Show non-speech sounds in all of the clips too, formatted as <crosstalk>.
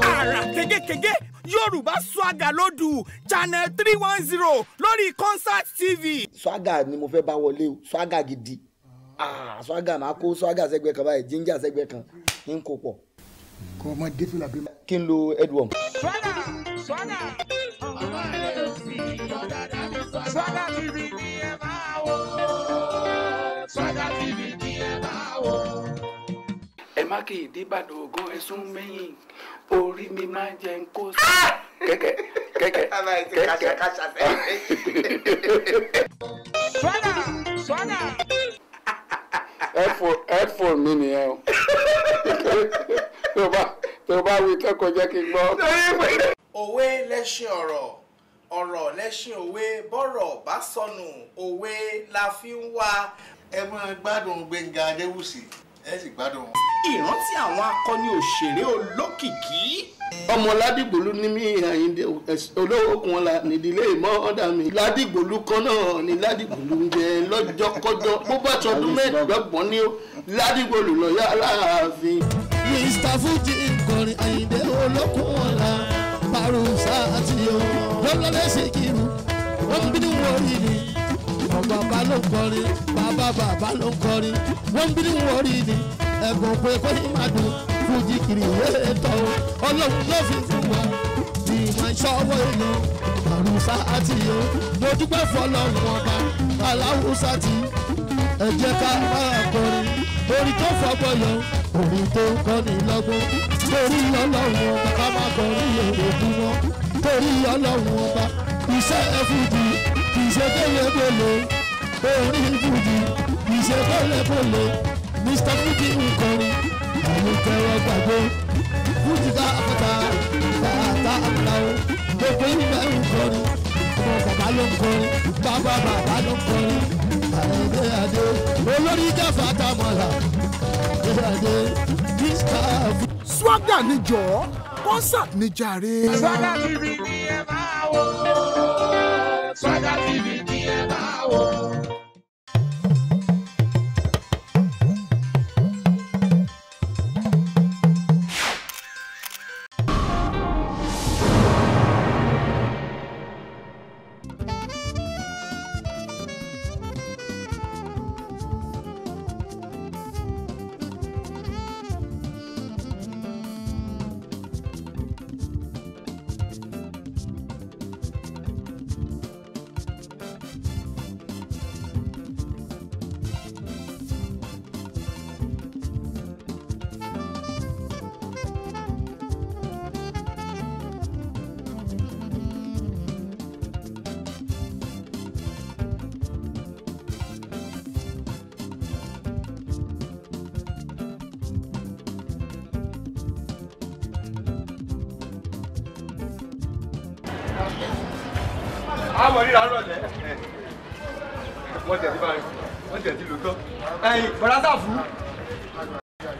àrà kégékégé yorùbá swaga lódù channel three one zero lórí Concert tv. swaga ni mo fẹ́ bá wọlé o swaga gidi ah, swaga máa kó swaga sẹ́gbẹ́ kan báyìí ginger sẹ́gbẹ́ kan ń kó pọ̀. kò mọ défìlà bí. kí n lo edwom. sọ́dà sọ́dà ọmọ rẹ̀ ò sì lọ dáadáa ní sọ́dà. sọ́dà tv ni ẹ máa wò sọ́dà tv ni ẹ máa wò. ẹ má kì í dìbàdàn ògo ẹ̀sùn mẹ́yìn orí mi máa jẹ ń kó sí kẹ̀kẹ́ kẹ̀kẹ́ <laughs> kẹ̀kẹ́. sọ́dà sọ́dà. headphone headphone mi nìyẹn o tó bá wí tán kò jẹ́ kí n gbọ́. òwe lẹ́ṣin ọ̀rọ̀ ọ̀rọ̀ lẹ́ṣin òwe bọ́rọ̀ bá sọnù òwe la fi ń wá. ẹ máa gbádùn Gbẹ́ngà Adéwùsì ẹ sì gbádùn wọn. ìrántí àwọn akọni òṣèré olókìkí. ọmọ ládìgbòlú ní mí àyíndé olówókun ọ̀la nídìílé ìmọ̀ọ́dà mi ládìgbòlú kan náà ni ládìgbòlú ń jẹ lọ́jọ́kọ́jọ́ bó bá tọdún mẹ́ẹ̀ẹ́dọ́gbọ̀n ni ó ládìgbòlú lọ́yà láàfin. Mr. Fuji nkọrin àyíndé olókun ọ̀la barusa àti yòó lọ́lọ́lẹ́sẹ̀ kírun wọ́n ń bínú wọ̀nyí ni àmọ́ bàbá ló ń kọrin bàbá bàbá ló ń kọrin wọ́n ń bínú wọ́n rí ni ẹ̀gbọ́n pé kó ní máa dùn fújì kiri ìwé tọ́ ọlọ́run ló fi fún wa tí máa ń ṣọ́wọ́ èèyàn àrùsá àti ìyó mo dúpẹ́ fọlọ́run ọba aláwùsá ti ẹ jẹ́ ká máa kọrin orin tó fọgbọ́ yọ orin tó ń kọ́ni lọ́gbọ́n torí ọlọ́run ọba ká máa kọrin èrò fún wọn torí ọlọ́run ọba iṣẹ́ ẹ ìṣe pélépélé orin fújì ìṣe pélépélé Mr Fuji ń kọrin àwọn gbàgbé fújì tá àpáta tààtà àpáta o gbogbo ìgbà ń ọmọ bàbá ló ń bàbá bàbá ló ń kọrin adé olórí jáfa tamọ̀lá àyẹ̀dẹ́ adé Mr Fuji. swaga níjọ́ concert níjàre. swaga tv ni ẹ máa wò Sọ́jà TV ni ẹ máa wò.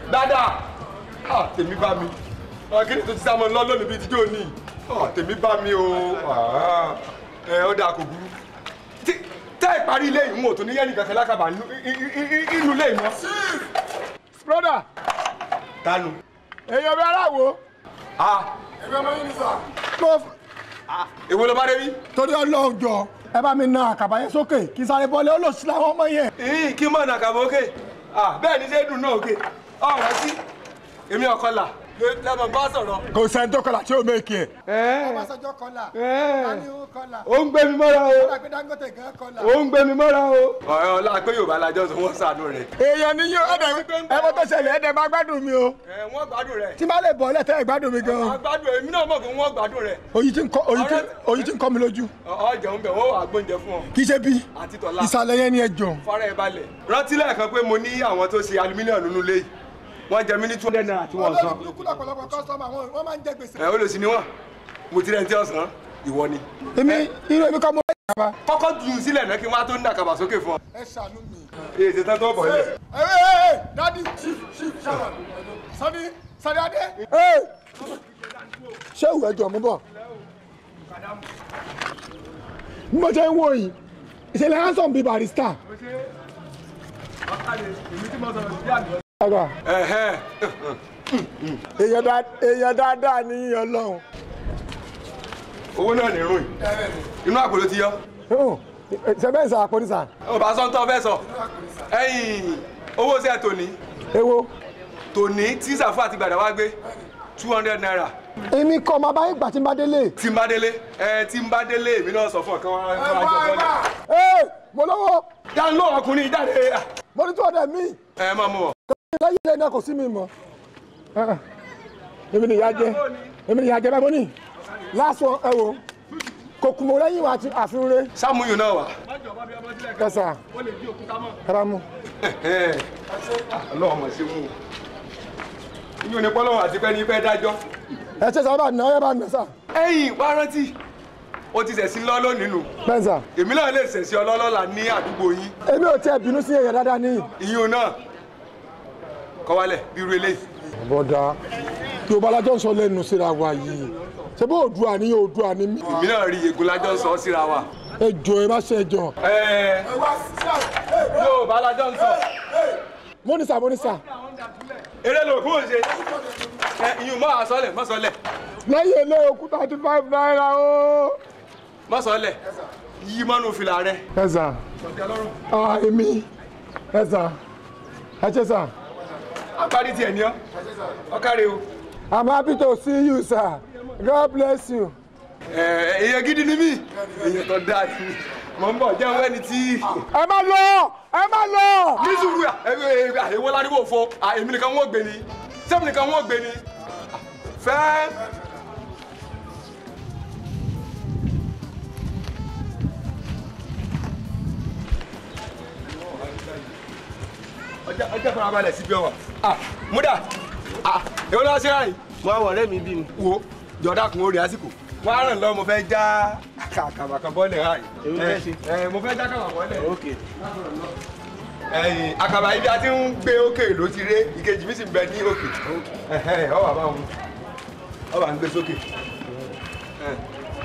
dáadáa à tèmi bá mi kí ni tó ti sámọ lọ lónìí bíi tíjọ́ ní tèmi bá mi o ẹ ó dáa kò burú tẹ́ ìparí ilé to tó ní yẹ́nì kankan lákàbà inú ilé ìwọ̀n. Brother, tanu. èèyàn bí aláwo. a. ẹgbẹ́ mọ́ yín ni sà. tó. èwo ló bá dé bí. torí ọlọ́run jọ ẹ bá mi na àkàbà yẹn sókè kí sáré bọ́lẹ̀ ó lò sí làwọn ọmọ yẹn. kí mọ̀ nà àkàbà òkè. Ah, bẹ́ẹ̀ ni ṣé dùn náà òkè ọ̀rọ̀ sí èmi ọ̀kọlà lẹ́mọ̀ bá sọ̀rọ̀. kò sẹ́ni tó kọlà tí ó mẹ́kì ẹ̀. ọbaṣọjọ kọlà taniwo kọlà. ó ń gbé mi mọ́ra o. ó ń gbé mi mọ́ra o. ọ̀rẹ́ ọlá pé yorùbá lajọ sọ wọ́n sànú rẹ̀. èèyàn ni yóò ẹ̀dẹ̀ ẹ̀fọ́ tó ṣẹlẹ̀ ẹ̀dẹ̀ bá gbádùn mi o. wọ́n gbádùn rẹ̀. tí máa lè bọ̀ lẹ́tẹ̀ ẹ̀ gbádùn mi gan-an. gbádùn èmi náà mọ̀ pé wọ́n gbádùn rẹ̀. oyin ti ń kọ́ mi lójú. ọjà ń bẹ̀ wọ́n wà gbóúnjẹ fún ọ. kì í ṣe bí ìsàlẹ̀ yẹn ni ẹ jọ. fara wọ́n jẹ mí ní two hundred naira tí wọ́n san. olóòtú lọ́pọ̀lọpọ̀ kọ́sọ́mà wọn máa ń jẹ gbèsè. ẹ olùsí ni wọn mo ti rẹ ti ọsàn ìwọ ni. èmi irú èmi kọ́ mo rẹ̀ kaba. kọ́kọ́ jù sílẹ̀ náà kí wọ́n á tó ń dàkàbà sókè fún ọ. ẹ ṣàánú mi. ee ṣe tán tó bọ̀ ilẹ̀. ẹ ẹ ẹ dadi sani sani adé. ee ṣé ìwé jọ mú bọ̀. mo ṣe ń wo yìí ìṣẹ̀lẹ̀ hansom bíi barista ọ̀rọ̀ èèyàn dáadáa ní yíyan lọ́hùn. owó náà ní irun yìí inú àpò ló ti yọ. Oh, ṣe bẹ́ẹ̀ sọ àpò nísà. ọba sọ́ńtọ́ fẹ́ sọ ẹ̀yìn owó ṣe tòní. èwo. tòní tí sàfù àti gbàdá wá gbé two hundred naira. èmi kọ́ ọmọ abáyé gbà tí n bá délé. tí n bá délé ẹ tí n bá délé èmi náà sọ fún ọ̀kan wọn àjọ bọ́ọ̀lù. ẹ mo lọ́wọ́. dá lọ́wọ́ ọkùnrin jáde. mo ní tí wọ́n dẹ̀ mí. ẹ máa mú ọ. láyé náà kò sí mi mọ́ ah, èmi nìyá jẹ èmi nìyá jẹ kò wa náà wà. kẹsà mọ̀ sí mú inú ni àti pẹ́ ní pẹ́ dájọ́. ẹ ṣe sábà ná ẹ bá ná o ti ṣẹ̀sìn lọ́lọ́ nínú. bẹ́ẹ̀ sà. èmi náà lè ṣẹ̀sìn ọlọ́lọ́la ní àdúgbò yín. èmi ò kọ́ wálẹ̀ bí irú eléyìí. bọ́dà yorùbá lájọ́ ń sọ lẹ́nu síra wa yìí ṣé bó òdua ni òdua ni mí. èmi náà rí egun lájọ́ ń sọ síra wa. ẹ jọ ẹ má ṣe ẹ jọ. ẹ yorùbá lájọ́ ń sọ. mọ́nísà mọ́nísà. eré ló kún òṣè ìyún mọ́ àsọlẹ̀ mọ́sọlẹ̀. lẹ́yìn ilé okú thirty five naira o. mọ́sọlẹ̀ yí mọ́nú fìlà rẹ. ẹ sà. ọ̀tẹ̀ lọ́rùn. ah èmi ẹ sà àpárí tiẹ̀ ní ọ́ ọ̀kárẹ̀ o. I'm happy to see you sir God bless you. èèyàn gidi ni mí èèyàn tó dáa sí mi mo ń bọ̀ jẹ́ wẹ́ni tí. ẹ má lọ ẹ má lọ. ní sùúrù àìwọ́ládìwò fọ àìmí nìkan wọ́n gbé ni sẹ́mi nìkan wọ́n gbé ni fẹ́ẹ́. ọjọ́ fara balẹ̀ síbi ọwọ́ ah múdà ah èwo ló wá sí ráyìn. mo àwọn ọ̀rẹ́ mi bí mi. wo jọ̀dá kun ó rí àsìkò wọ́n á ràn lọ́wọ́ mo fẹ́ já kàkàbà kan bọ́lẹ̀ ráyìn. èwo fẹ́ ṣe. ẹ eh, eh, mo fẹ́ já kàkàbà bọ́lẹ̀. ok ẹ̀yìn àkàbà ibi a ti ń gbé òkè ló ti ré ìkejì mi sì ń bẹ ní òkè ọ wà báwọn ọ wà ń gbé sókè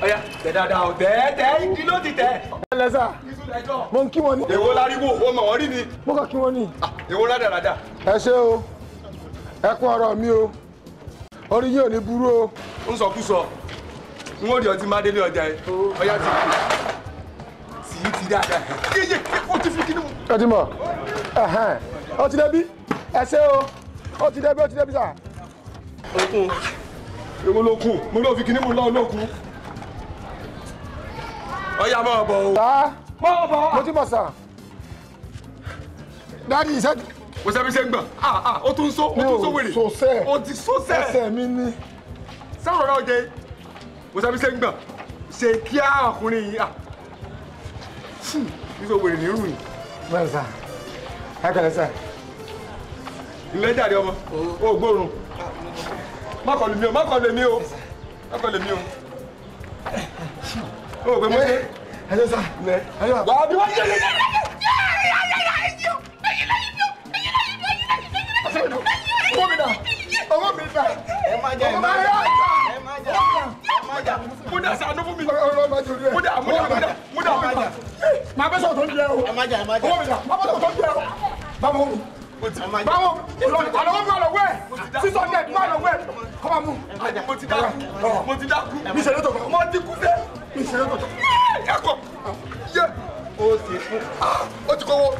ọyá eh, tẹ dáadáa ọ tẹ tẹ kí ló ti tẹ. ẹ lẹ́sà mo ń kí wọn ni. èwo láriwo o mọ̀ wọ́n rí ni. mo kàn kí wọn ni. ah èwo ládàradà. ẹ ṣe o ẹ kún ọ̀rọ̀ mi o orí yín ò ní burú o. ń sọ kú sọ n ó di ọtí má délé ọjà yìí ọyá ti kú tì í ti dáadáa yíyí ó ti fi kí ni mu. ẹ ti mọ ọ ti débi ẹ ṣe o ó ti débi ó ti débi sà. okun èwo ló kù mo ló fi kí ni mu lọ́ọ́ ló ọyá máa bọ̀ o. mo ti bọ̀ sàn dáàdi iṣẹ́. kò sẹ́mi ṣe ń gbọ̀n ó tún so ó tún so wèrè ó ti so sẹ́ ẹsẹ̀ mi ni. sáwọn ọ̀rọ̀ ọ̀jẹ̀ kò sẹ́mi ṣe ń gbọ̀n ṣe kíá ọkùnrin yìí nítorí ah. wèrè ní rùn yìí. bẹ́ẹ̀ sà ẹ kẹlẹ sà. ilé jáde ọmọ oh. o gbóòórùn má kọlù mi o má kọlù mi o má kọlù mi o o gbé mọ́tò. ẹ ẹ lọ sà ẹ lọ. wàá bí wọ́n ti yẹ lẹ́yìn ọwọ́ mi dà ọwọ́ mi dà ẹ má jà ẹ má jà ẹ má jà ẹ má jà múdà sànú fún mi múdà múdà múdà múdà múdà màá bẹ́ sọ̀tọ̀ ní ẹ o ọwọ́ mi dà màá bẹ́ sọ̀tọ̀ ní ẹ o bàbá wo báwo ìlọrin àlọ́wọ́ mi àlọ́wọ́ ẹ̀ sísọ ní ẹ̀dùnmọ́ àlọ́wọ́ ẹ̀ kọ́ máa mú. mo ti dákú mo ti dákú mi ṣe lóto kan mo ti kú dé mi ṣe lóto kan. ẹ kọ yé o ti kú o ti kọ́wọ́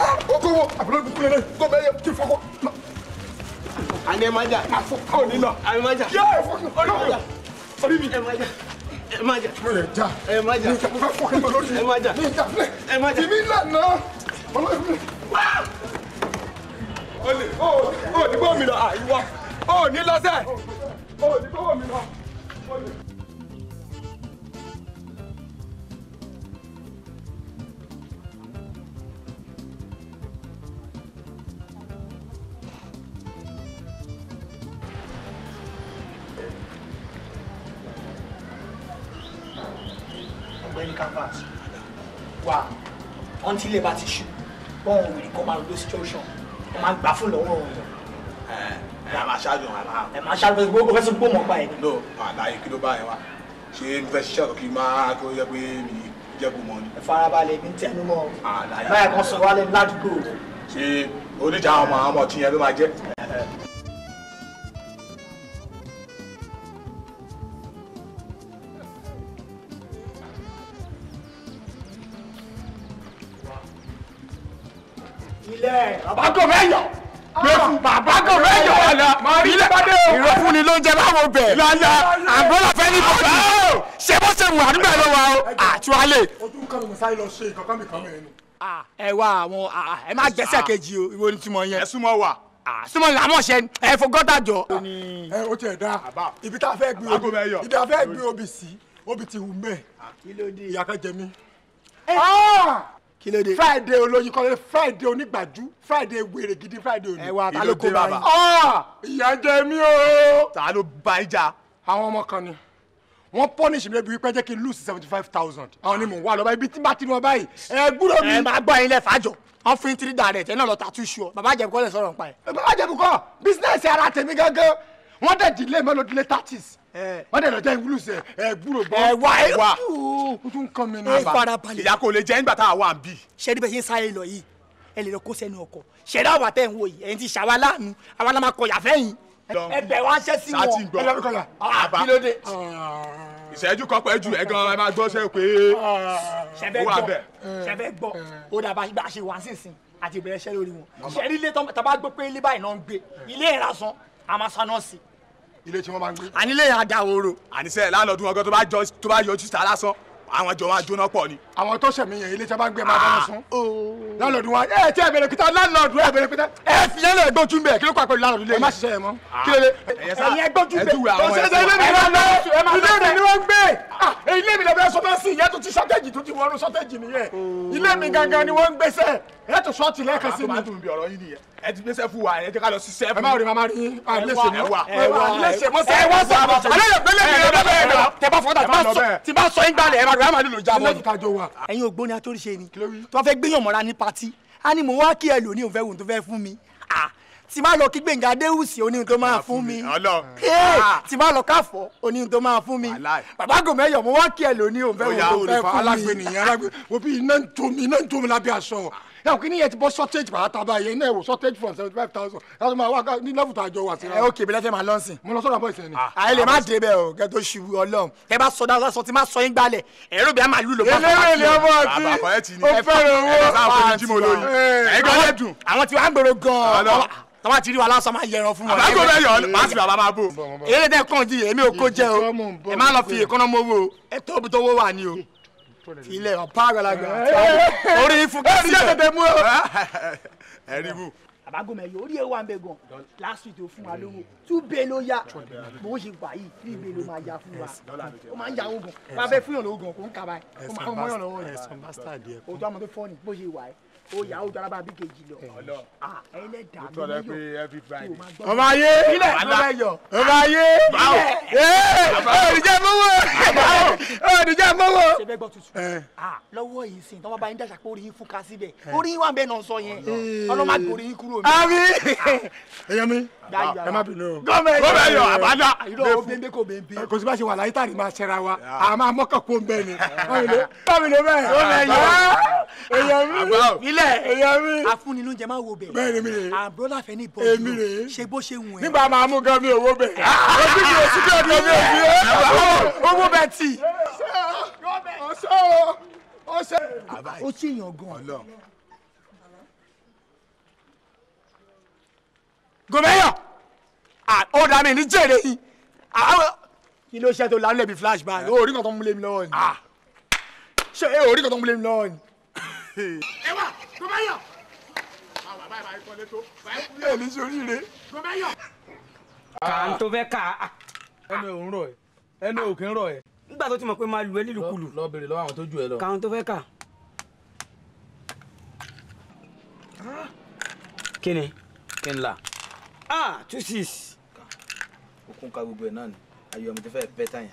o ko wo àbúrò dùkú lẹ́lẹ́ kó bẹ́ẹ̀ yẹ kí fọ́kọ́. àní ẹ má jà. àfọkọ́ ò ní lọ. àní má jà. yẹ ẹ fọkàn ọ ní lọ. orí mi. ẹ má jà. ẹ má jà. mo yẹ ja. ẹ má jà. mi ìjà mo fẹ́ fọkàn lọ lórí. ẹ má jà. mi ìjà filẹ̀. ẹ má jà. ìmí lànà. ọlọ́run mi. olè o ò ní bọ́ mi lọ àyíwá o ò ní lọ sẹ́ẹ̀ o ò ní bọ́ mi lọ. tílẹ̀ bá ti ṣú bọ́n òun rìn máa lọ situation wọ́n máa gbà fún lọ́wọ́ òun. ẹ ẹ máa ṣáájú wọn ẹ máa ṣáájú gbogbo fẹsẹ gbogbo mọ pa ẹ. no àlàyé kí ló bá yẹn wa ṣé n fẹ́ ṣiṣẹ́ ọ̀kì máa kí ó yẹ pé mi jẹ́ kó mọ ni. ẹ farabalẹ̀ mi ń tẹnu mọ́. àlàyé báyìí kan sọ wálé ládùúgbò. ṣé oníjà àwọn ọmọ ọmọ tí yẹn ló máa jẹ́. ẹ tó jẹ báwo bẹ̀. lọ́lá àgbọ̀lá fẹ́ ní bọ́ọ̀dì ṣé bó ṣe wù àdúgbò ẹ̀ lọ́wọ́ àtúwálé. ojú kanu musayi lọ ṣe nǹkan kan mi kan mẹ́rin. ẹ wá àwọn ẹ má gbẹ́sẹ̀ kejì o ìwọ ni túmọ̀ yẹn. ẹ súnmọ́ wa súnmọ́ làmọ́ ṣe ẹ fọgọ́tà jọ. ẹ o tẹ da ibi tá a fẹ́ gbin obì ibi tá a fẹ́ gbin obì sí obì ti wù mẹ́ ìyá kan jẹ mí. Ah! kí ló dé. friday olóyin kọ́lé friday onígbàjú friday wèrè gidi friday òní. ẹ wá ta ló kó bàbá. Ah, ìyá jẹ mí o. ta ló ba ìjà. àwọn ọmọ kan ni wọ́n pọ́nìṣì mi lébi wípé jẹ́ kí n lose seventy five thousand. àwọn ni mò ń wá lọ́ba ibi tí bá ti ní wọn báyìí. ẹ gbúdọ̀ mi. ẹ máa gbọ́ ẹyin lẹ́fà jọ wọ́n fi ń tiri dàrẹ̀ tẹ́ náà lọ ta túṣu ọ bàbá jẹ̀bù kọ́ lẹ̀ sọ̀rọ̀ nípa ẹ̀. bàbá jẹ̀bù kọ́ ara tèmi gángan wọ́n dẹ̀ dìlé mẹ́lòdìlé thirties wọ́n dẹ̀ lọ jẹ́ ìwúlù sẹ̀ ẹ̀ gbúrò bọ́ ẹ̀ eh, wá ẹ̀ eh, eh, wá o tún kàn mí náà. ẹ farabalẹ̀ ìyá kò lè jẹ́ nígbà tá a wà ń bì. ṣẹ́ni bẹ́ẹ̀ ṣe ń sáré lọ yìí ẹ lè lọ kó sẹ́nu ọkọ̀ ṣẹ̀dá àwa tẹ̀ ń wò yìí ẹ̀yin ti ṣàwa láàánú àwa la máa kọyà fẹ́yìn ẹ bẹ̀ wá ṣẹ́ sí wọn ẹ lọ́ọ́ kọyà kí ló dé. ìṣẹ́jú kan pẹ́ jù ẹ gan ẹ máa gbọ́ sẹ́ pé ah. ó wà bẹ̀. ṣẹ̀fẹ̀ gbọ́ ó dàbà bá a ṣe wá sínsìn àti ìbẹ̀rẹ̀ ṣẹ́ lórí wọn ṣẹ̀rí ilé tó bá gbé pé ilé báyìí náà ń gbé ilé ìrasán àmàṣánọ́ọ̀sì ilé tí wọ́n máa ń gbé. àní lè yàgà òru. àní sẹ́yìn láńlọ́ọ̀dún ọgọ́ tó bá yọjú síta lásán àwọn jọ máa jóná pọ̀ ni. àwọn tó ṣẹ̀mí yẹn ilé tí a bá ń gbé máa dáná ah, sun. Oh. láńlọ́ọ̀dù wa ẹ tí ẹ bẹ̀rẹ̀ kúta láńlọ́ọ̀dù ẹ bẹ̀rẹ̀ kúta. ẹ fi yẹn lè gbójú bẹ̀ kí ló kọ́ àpẹẹrẹ láńlọ́ọ̀dù lé. ẹ má ṣiṣẹ́ yẹn mọ́. Ah, kí ló dé ẹ̀yẹ gbójú bẹ̀ ọ̀sẹ̀ ẹ̀ ẹ ti gbéṣẹ́ fún wa ẹ jẹ́ ká lọ sí sẹ́fù. ẹ má rí mama rí a lè ṣe mọ́ ẹ wá lè ṣe mọ́ sẹ́ ẹ wá sọ alẹ́ yẹ gbẹ́lẹ́ mi ẹ bá bẹ́ẹ̀ lọ tẹ bá fọ́tà tí bá sọ yín gbalẹ̀ ẹ má rí àmàlí ló jábọ̀. ẹ̀yin ògbóni atóríṣe ni tó fẹ́ gbéyàn mọ́ra ní patí á ní mo wá kí ẹ lò òun fẹ́ wò tó fẹ́ fún mi tí máa lọ kí gbẹ̀ngà adéhùsì oníhun tó máa fún mi tí máa lọ káfọ́ oníhun tó máa fún mi bàbá gòmẹyọ mo wá kí ẹ lóní òun fẹ́ wò tó fẹ́ fún mi. alágbènìyàn bí iná ń tó mi iná ń tó mi lábẹ́ aṣọ ẹ kò ní yẹn ti bọ́ shortage pàtàkì yẹn náà wò shortage from seventy five thousand láti máa wá ní level tàjọ wà sí. ẹ ok bílẹ̀ tẹ́ máa lọ sìn. mo lọ sọ́dọ̀ àbọ̀yìí sẹ́ni. àyè lè má dé o kẹ́ ṣubú ọlọ́run kẹ́ bá sọ dáadáa sọ ti má sọ yín gbalẹ̀ ẹ̀rọ bí a máa lù lọ. eléré ni ọmọ àti o fẹ́ràn owó. àwọn tí wàá gbèrò gan-an tọ́wọ́ ti rí wa lásán máa yẹran fún wọn. àbájọ bẹ yọ máa sì bàbá máa bò. èyí lè dẹ́ jí èmi ò kó jẹ́ o ẹ má lọ fi èkánná mọ́wọ́ o ẹ tó bí tó wó wà ní o tilẹ̀ ọ̀pá àgbàlagbà orí fúnkẹ́ ẹ̀rí mú. àbágọ́mọ ẹ̀yọ́ orí ẹ̀ wà gan last week tó fún wa lówó two belo ya. yá bó gbà yìí three belo ló máa yá fún wa ó máa ń yà oògùn bá fẹ́ fún yàn lóògùn kó ń kaba ẹ̀ ó máa ń mọ́yàn lọ́wọ́ yìí ó tó àmọ́ tó fọ́ bó ṣe wà ẹ́ ó yà ó jọra bá bí kejì lọ ah, ẹyin lẹ dà mí yọ ọmọ ayé ọmọ ayé ọmọ ayé olùjẹ mọwọ olùjẹ mọwọ. ṣe bẹ gbọ́ tuntun ah, lọ́wọ́ yìí sìn tọ́wọ́ bá yín dàṣà pé orí fún ká síbẹ̀ orí wà bẹ́ẹ̀ náà sọ yẹn ọlọ́mọ àgbò orí yín kúrò. ami ah. ẹyẹ mi ẹ má bínú o gómẹ yọ àbádá kò sí bá ṣe wà láyé tàbí máa ṣẹra wa àmọ́ àmọ́kànkó ń bẹ ni báwo ni bẹ́ẹ̀ gómẹ yọ ẹyẹ mi filẹ̀. ẹ̀yà mi. afúnilóúnjẹ máa wo bẹ̀. bẹ́ẹ̀ni mi rè é. àbúrò láfẹ́ ní ìbọn mi rè é. ṣe bó ṣe wù ẹ́. nígbà máa mú gan mi ò wo bẹ̀. ojú mi ò sí kí ọ̀dọ̀ mi ò fi é. owó bẹ tì. ọ̀ṣọ́ o ọ̀ṣọ́. ó sì yàn gan. gòmẹ́yọ̀ ó dá mi ní jèrè yìí kí ló ṣe tó lálẹ́ bíi flashback orí kan tó ń múlẹ̀ mi lọ́wọ́ ni ṣé orí kan tó ń múlẹ̀ mi lọ́wọ́ ni ẹ wà tó bá yọ. ẹ ní soríire. tó bá yọ. kà ń tó fẹ́ kà. ẹnu òun rọ ẹ ẹnu òkè ń rọ ẹ. nígbà tó ti mọ̀ pé máa lu ẹ nílùkulù. lọ bèrè lọ́wọ́ àwọn tó ju ẹ lọ. kà ń tó fẹ́ kà. kí ni. kí n la. ah two six. o kún ká gbogbo ẹ náà ni ayọ̀ mi ti fẹ́ bẹ́ẹ̀ tàn yẹn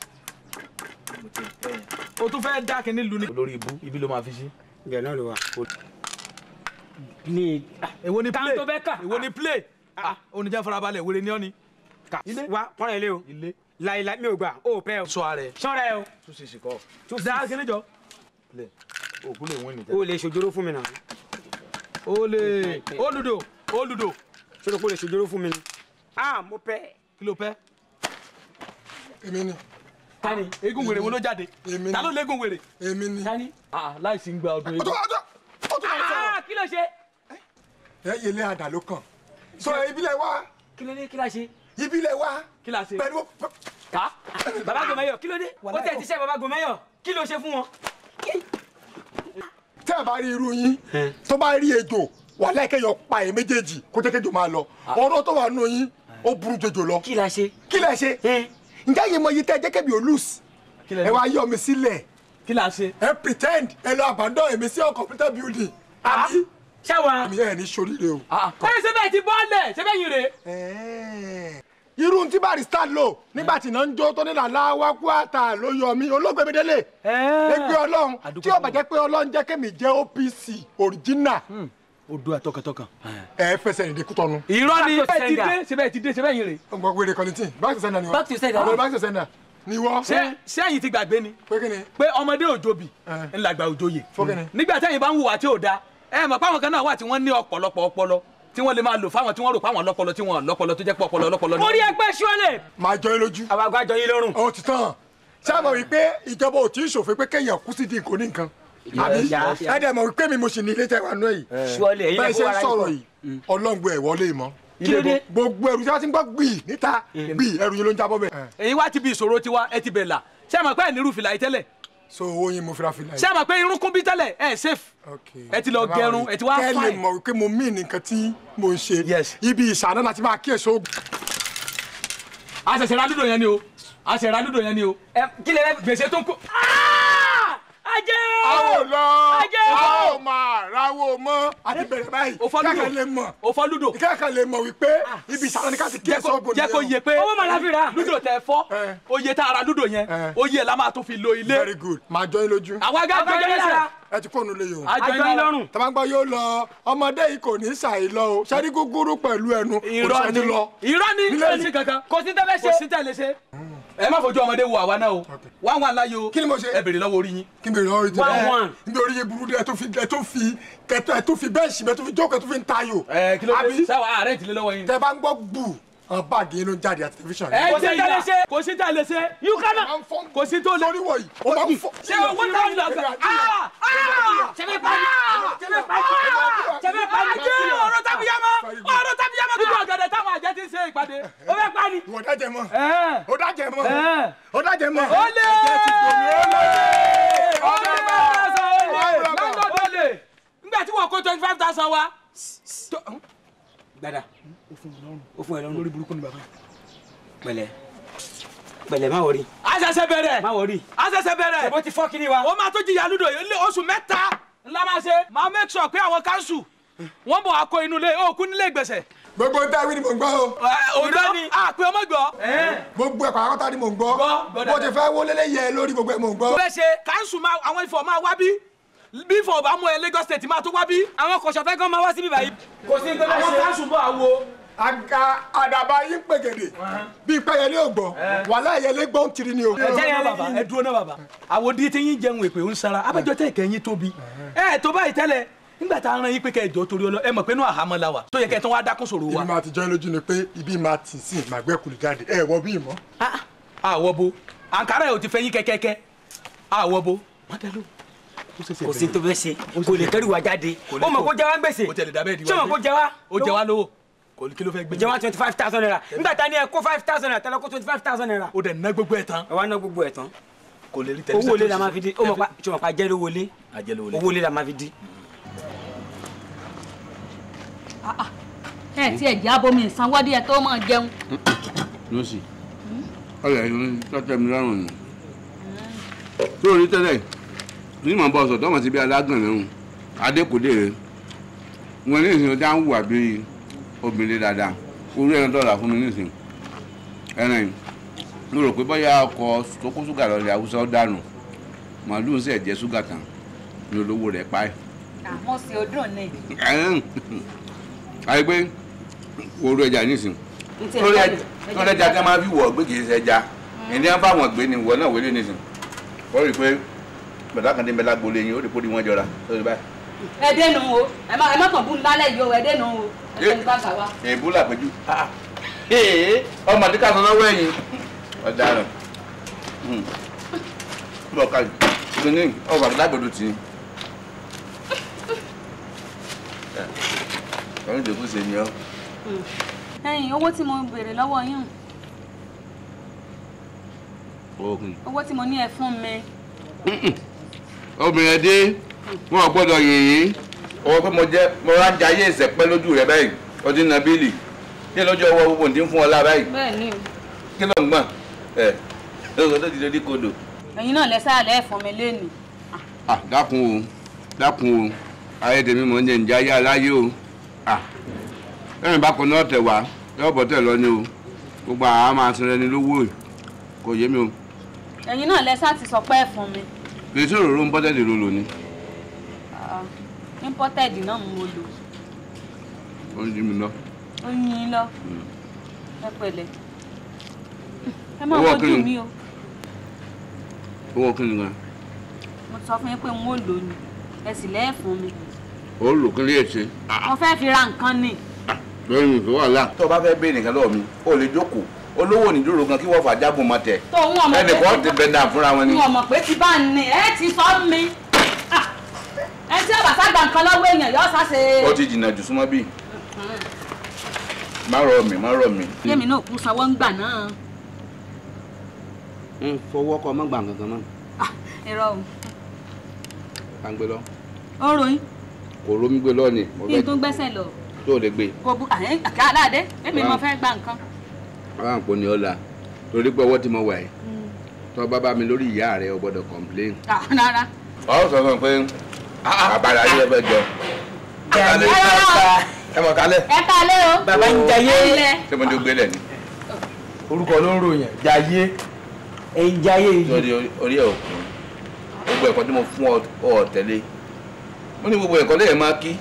mo ti bẹ́ẹ̀ yẹn. o tún fẹ́ dá kínní lu ni. olórí ibú ibi ló máa fi sí ibẹ̀ náà ló wà. play. Ah, èwo ni play tanto bẹ́ẹ̀ kà. èwo ni play. oníjẹ́ ah. ah, farabalẹ̀ wèrè ní ọ́ ni. ilé wa kọ́ra ilé o. ilé. láìláì mi ò gbà ó pẹ́ o. sọ ara sọ ara o. tún sì sì kọ́. tún sì dáa kíni jọ. play lè wọ́n nìjẹ́. o lè ṣòjóró fún mi náà. o lè olùdó olùdó. sọ́dọ̀ kó lè ṣòjóró fún mi ni. ah mo pẹ́. kí ló pẹ́. èmi ni tani eégún wèrè wo ló jáde ta ló léégún wèrè èmi ni tani ah, láìsí ń gba ọdún eégún. Ah, kí ló ṣe. ẹ yẹlé àdá ló kàn sọ ìbílẹ̀ wa. kí ló dé kí la ṣe. ìbílẹ̀ wa. kí la ṣe. pẹ̀lú. ká baba gomẹyọ kí ló dé ó tẹ̀ ti ṣe baba gomẹyọ kí ló ṣe fún wọn. tẹ́ ẹ bá rí irú yín tó bá rí ejò wàhálà ìkẹyọ pa ẹ méjèèjì kó jẹ́ kéjò máa lọ ah. ọ̀rọ̀ tó wà nù yín ó burú jòjò lọ. kí la ṣe. kí la ṣe ǹjẹ́ yìí mọ iye tẹ́ ẹ jẹ́ kẹ́bi olùs ẹ wá yọ mi sílẹ̀ kí la ṣe. ẹ pretend ẹ lọ abandon èmi sí ọ computer building. Ah, àbí ṣáwa. mi ẹ ní sóríire o. Ah, ẹ ṣe bẹ́ẹ̀ ti bọ́ọ̀lẹ̀ ṣe bẹ́ẹ̀ yìí rè. irú tí barista lò nígbà tí iná ń jó tó nílà láwá kwata ló yọ mi olóògbé mi délé. ẹgbẹ́ ọlọ́run tí ó bàjẹ́ pé ọlọ́run jẹ́ kémi jẹ́ OPC original. Hmm odò àtọkàntọkàn. ẹ fẹsẹ̀ rìn dé kútọ́nu. irọ́ ni sẹ́bẹ̀ ti dé sẹ́bẹ̀ ti dé sẹ́bẹ̀ yìí rè. ọgbà wèrè kọ́nìtì back to sender ni wọ́n. back to sender. ọgbà back to sender ni wọ́n. ṣé ṣé ẹ̀yin ti gbàgbé ni. pé kí ni. pé ọmọdé òjò bì ńlágbà òjò yè. nígbà tẹ́yin bá ń hùwà tí ò da ẹ mọ̀ páwọn kan náà wà tí wọ́n ní ọ̀pọ̀lọpọ̀ ọpọlọ tí wọ́n lè máa lò fáwọn tí wọ́n rò fáwọn lọ́pọlọ tí wọ́n lọ́pọlọ tó jẹ́ pé ọpọlọ lọ́pọlọ ni. orí ẹgbẹ́ ṣọlẹ̀. máa jọ yín lójú. àwọn àgbà jọ yín lọ́rùn. ó ti tán sábà wípé ìjọba ò tí ì ṣòfin pé kéèyàn kú sídìí nǹkan ní nǹkan àbí ẹ dẹ̀ mọ̀ pé mi mo sì ní ilé tẹ́wà náà yìí bẹ́ẹ̀ ṣe ń sọ̀rọ̀ yìí ọlọ́ngbọ̀ ẹ̀ wọlé mọ́ gbogbo ẹrù tí wọ́n ti ń gbọ́ gbìí níta eh. gbìí ẹrù yìí ló ń jábọ́ bẹ́ẹ̀. Eh. èyí wá ti bi ìṣòro tiwa ẹ ti bẹ̀ là ṣé ẹ mọ̀ pé ẹ̀ nírú fìlà yìí tẹ́lẹ̀ so owó yín mo fira fila yìí. ṣé ẹ mọ̀ pé irun bí tẹ́lẹ̀ ẹ eh, safe ẹ ti lọ gẹrun ẹ ti wá fine. mo mí nǹkan tí mo ibi ìṣáná láti máa a ṣẹ̀ṣẹ̀ ra lúdò a ṣẹ̀ṣẹ̀ ra lúdò yẹn ni o. ẹ kí lè rẹ gbèsè tó ń kó. Ah! ajé o àwọn lọ àwọn máa ráwọ mọ àti bẹ̀rẹ̀ báyìí káka lè mọ̀ òfọlúdò káka lè mọ̀ wípé ah. ibi ìsàlọ ni ká ti kí ẹsọ bò ní. jẹ́ kó yẹ pé owó màlá fi rà lúdò tẹ fọ́ eh. oyè tá a ra lúdò yẹn eh. oyè la máa tún fi lo ilé. very good màá jọ yín lójú. àwa gá gbẹjọ lẹsẹ ẹ ti kóònù lè yòó. àjọ yín lọ́rùn. tàbágbá yóò lọ ọmọdé yìí kò ní í ṣàì lọ o ṣẹ́rí gúgúrú pẹ̀lú ẹnu kò sẹ́ni lọ. irọ́ ni irọ́ ni kò sí kankan kò sí tẹ́lẹ̀ ṣe ẹ má fojú ọmọdé wo àwa náà o one one láyé o kí ni mo ṣe ẹ bèrè lọ́wọ́ orí yín. kí ni bèrè lọ́wọ́ orí yín one one n bẹ orí yín burú ẹ tó fi ẹ tó fi ẹ tó fi bẹ́ẹ̀ sì ẹ tó fi jókòó ẹ tó fi ń tayò. ẹ eh, kí ló dé sáwọ àárẹ̀ ìdílé lọ́wọ́ yín. tẹ bá ń gbọ́ gbù àwọn báàgì yẹn ló ń jáde àti tẹlifíṣàn yẹn. ẹ jẹ́ ìyá kò sí tá a lè ṣe yóò kánà kò sí tó lè. sórí wọ̀nyí o máa ń fọ. ṣé o wọ́n náà lọ sọ. sẹ́fẹ̀ pàdé sẹ́fẹ̀ pàdé sẹ́fẹ̀ pàdé. ajé ọ̀rọ̀ tábìyàmọ́ ọ̀rọ̀ tábìyàmọ́ tó. nígbà ọ̀gẹ̀dẹ̀ táwọn àjẹ́ ti ń ṣe ìpàdé o fẹ́ pa ni. o dájẹ mọ o dájẹ mọ o dájẹ mọ. olè olè olè lọ́dọ̀ọ́lẹ̀ nígbà tí wọ́n kó twenty five thousand wa dada ó fún ẹ lọ́rùn lórí burúkú ni bàbá pẹ̀lẹ́ pẹ̀lẹ́ má wọrí. a ṣẹ̀ṣẹ̀ bẹ̀rẹ̀ má wọrí. a ṣẹ̀ṣẹ̀ bẹ̀rẹ̀ ṣèbó ti fọ́ kiri wa. wọ́n máa tó jìyà lúdò yìí oṣù mẹ́ta ńlá máa ṣe. máa make sure pé àwọn kanṣu wọ́n bọ̀ akọ inú ilé òkú nílé ìgbésẹ̀. gbogbo tá ni mò ń o. òdò ni a pe ọmọ gbọ́. gbogbo ẹ̀kọ́ akọ́ta ni mò ń gbọ́. Ah, bó ti fẹ́ wọlé lé yẹ lórí gbogbo ẹ̀ mò ń gbọ́. bẹ́ẹ̀ ṣe kanṣu àwọn ìfọ̀ máa wá bí bífọ̀ bá mú ẹ Lagos state máa tó wá bí. àwọn kọ̀ṣọ̀fẹ́ gan máa wá síbí báyìí. kò sí nítorí àwọn káṣù bọ́ àwo. àga àdàbà yín pègèdè wàhálà tiri ni o. ẹ jẹ́ yẹn bàbá ẹ dúró náà bàbá di ti yín jẹun èpè ń sara abẹ́jọ́ tẹ̀ kẹ́ yín tóbi ẹ tó báyìí tẹ́lẹ̀ nígbà tá a rán yín pé kẹ́ ẹ jọ torí ọlọ ẹ mọ̀ pé inú àhámọ́ la wà tó yẹ kẹ́ ẹ tán wá dákún wa. lójú ni pé ibi máa tì sí jáde ẹ wọ bí ìmọ̀. Ah, ah, àwọ̀ bo àǹkárá ẹ̀ ò ti fẹ́ yín kẹ́kẹ́kẹ́ àwọ̀ bo kò sí tó fẹ́ ṣe kò lè kẹ́rù wa jáde ó mọ̀ kó jẹ wá ń gbèsè ṣé mọ̀ kó jẹ wá. ó jẹ wá lówó kò ní kí ló fẹ́ gbé. ó jẹ wá twenty five thousand naira nígbà tá a ní ẹ kó five thousand naira tẹ́lẹ̀ kó twenty five thousand naira. ó dẹ̀ ná gbogbo ẹ̀ tán. ẹ wá ná gbogbo ẹ̀ tán. kò lè rí tẹlifíṣàn owó lé la máa fi di ó mọ̀ pa ṣé mọ̀ pa ajẹ́ ló wọlé owó lé la máa fi di. Ah, ah. ẹ ti ẹ̀ ní mọ̀ bọ́sọ̀ tọ́mọ̀ sí bí alágàn lẹ́hùn adékòdé rẹ̀ wọn ní ìsìn ọjà ń wà bí obìnrin dáadáa orí ẹran dọ́là fún mi ní ìsìn ẹran yìí mo rò pé bóyá ọkọ̀ tó kó ṣúgà lọ ilẹ̀ haúsá ó dànù màálù ń sẹ̀ jẹ́ ṣúgà tán ní olówó rẹ̀ pa ẹ̀. àmọ́ sí ọdún ní. àyè pé orú ẹja ní ìsìn tó rẹjà tí a máa fi wọ̀ gbé kì í ṣẹja ẹni mm. á bá wọn gbé ni wọ náà wọlé ní ìsìn wọ́n rí i pé bàbá kan dé mẹ́lá gbolé yín ó lè kó di wọ́n jọra ó lè báyìí. ẹ dénú o ẹ má ẹ má kàn bú mi lálẹ́ yìí o ẹ dénú o ẹ fẹ́ mi bá gbà wá. èébú làpẹjù ọmọ àti káàsán náà wẹ̀yìn ọ̀daràn bọ̀ ká ìgbìnní ọ̀bà lágbèdo tì í. ọ̀run ìdòkú ṣe ni ọ́. ẹ̀yin owó tí mo béèrè lọ́wọ́ yín owó tí mo ní ẹ fún mi obìnrin dé wọn ò gbọ́dọ̀ yèyé ọwọ́ pé mo jẹ́ mo rà jayé ìsẹ̀pẹ́ lójú rẹ báyìí ọdún náà bíìlì ní lọ́jọ́ ọwọ́ gbogbo ní fún ọlá báyìí kí ló ń gbọ̀n ẹ lóko tó ti lórí kodò. ẹ̀yin náà lẹ́sẹ̀ àlẹ́ ẹ̀fọn mi léènì. à dákun o dákun o ayé tèmi mò ń jẹ ǹjẹ́ ayé aláyé o à ẹ̀rìn bá kọ náà tẹ̀ wá lọ́bọ̀ tẹ̀ lọ ni o gbogbo àá máa sinra ẹni lówó kò yé mi o. ẹ̀yin náà lẹ́sẹ̀ àti sọ pé mi kì í ṣe òróró imported ló lò ní. Ah, imported náà mo lò. ó yín mi lọ. ó yín in lọ. Hmm. ẹ pẹ̀lẹ́ ẹ má wojú mi o. owó kí ni gan. mo sọ fún yín pé n ó lò ní ẹ sì lẹ́ẹ̀ fún mi. ó lò kí lè ṣe. mo fẹ́ fi ra nǹkan ni. Ah, lórí ìfowópamọ́. tó o bá fẹ́ béèrè nǹkan lọ́wọ́ mi o lè jókòó olówó nìdúró gan kí wọ́n fà jágùn mọ́ tẹ̀. tòun ọmọ pé ẹnìkan ti bẹ̀ dà fúnra wọn ni. tòun ọmọ pé ti bá ń ní ẹ ti sọ mi ah, ẹ tí ọba sàgbà nǹkan lọ́wọ́ èèyàn yọ sá ṣe. ó ti jìnnà jù súnmọ́ bí. má rọ mi má rọ mi. kémi náà kú sanwó ń gbà náà. n fọwọ́ kọ mọ́ gbà gangan náà. Ah, irọ́ o. à ń gbé lọ. ó ròyìn. kò rómi gbé lọ ni. kí n tó gbẹ́sẹ̀ lọ. tó o lè gbé. kò bu àkàlà àwọn àpò ni la? torí pé ọwọ́ tí mo wà yìí hmm. tọ́ bá bá mi lórí ìyá rẹ̀ o gbọ́dọ̀ complain. Ah, rárá. ọ sọ fún mi pé ah, ah. àbàrà yìí ẹ fẹ́ jọ. ẹ mọ̀ kálẹ̀. ẹ kálẹ̀ o. bàbá ń jayé. ṣé mo ti gbélé ni. orúkọ ló ń ròyìn jayé ẹ ń jayé yìí. sọ de orí ẹ òkun gbogbo ẹ̀kọ́ tí mo fún ọ tẹ̀lé mo ní gbogbo ẹ̀kọ́ lẹ́yìn máa kí.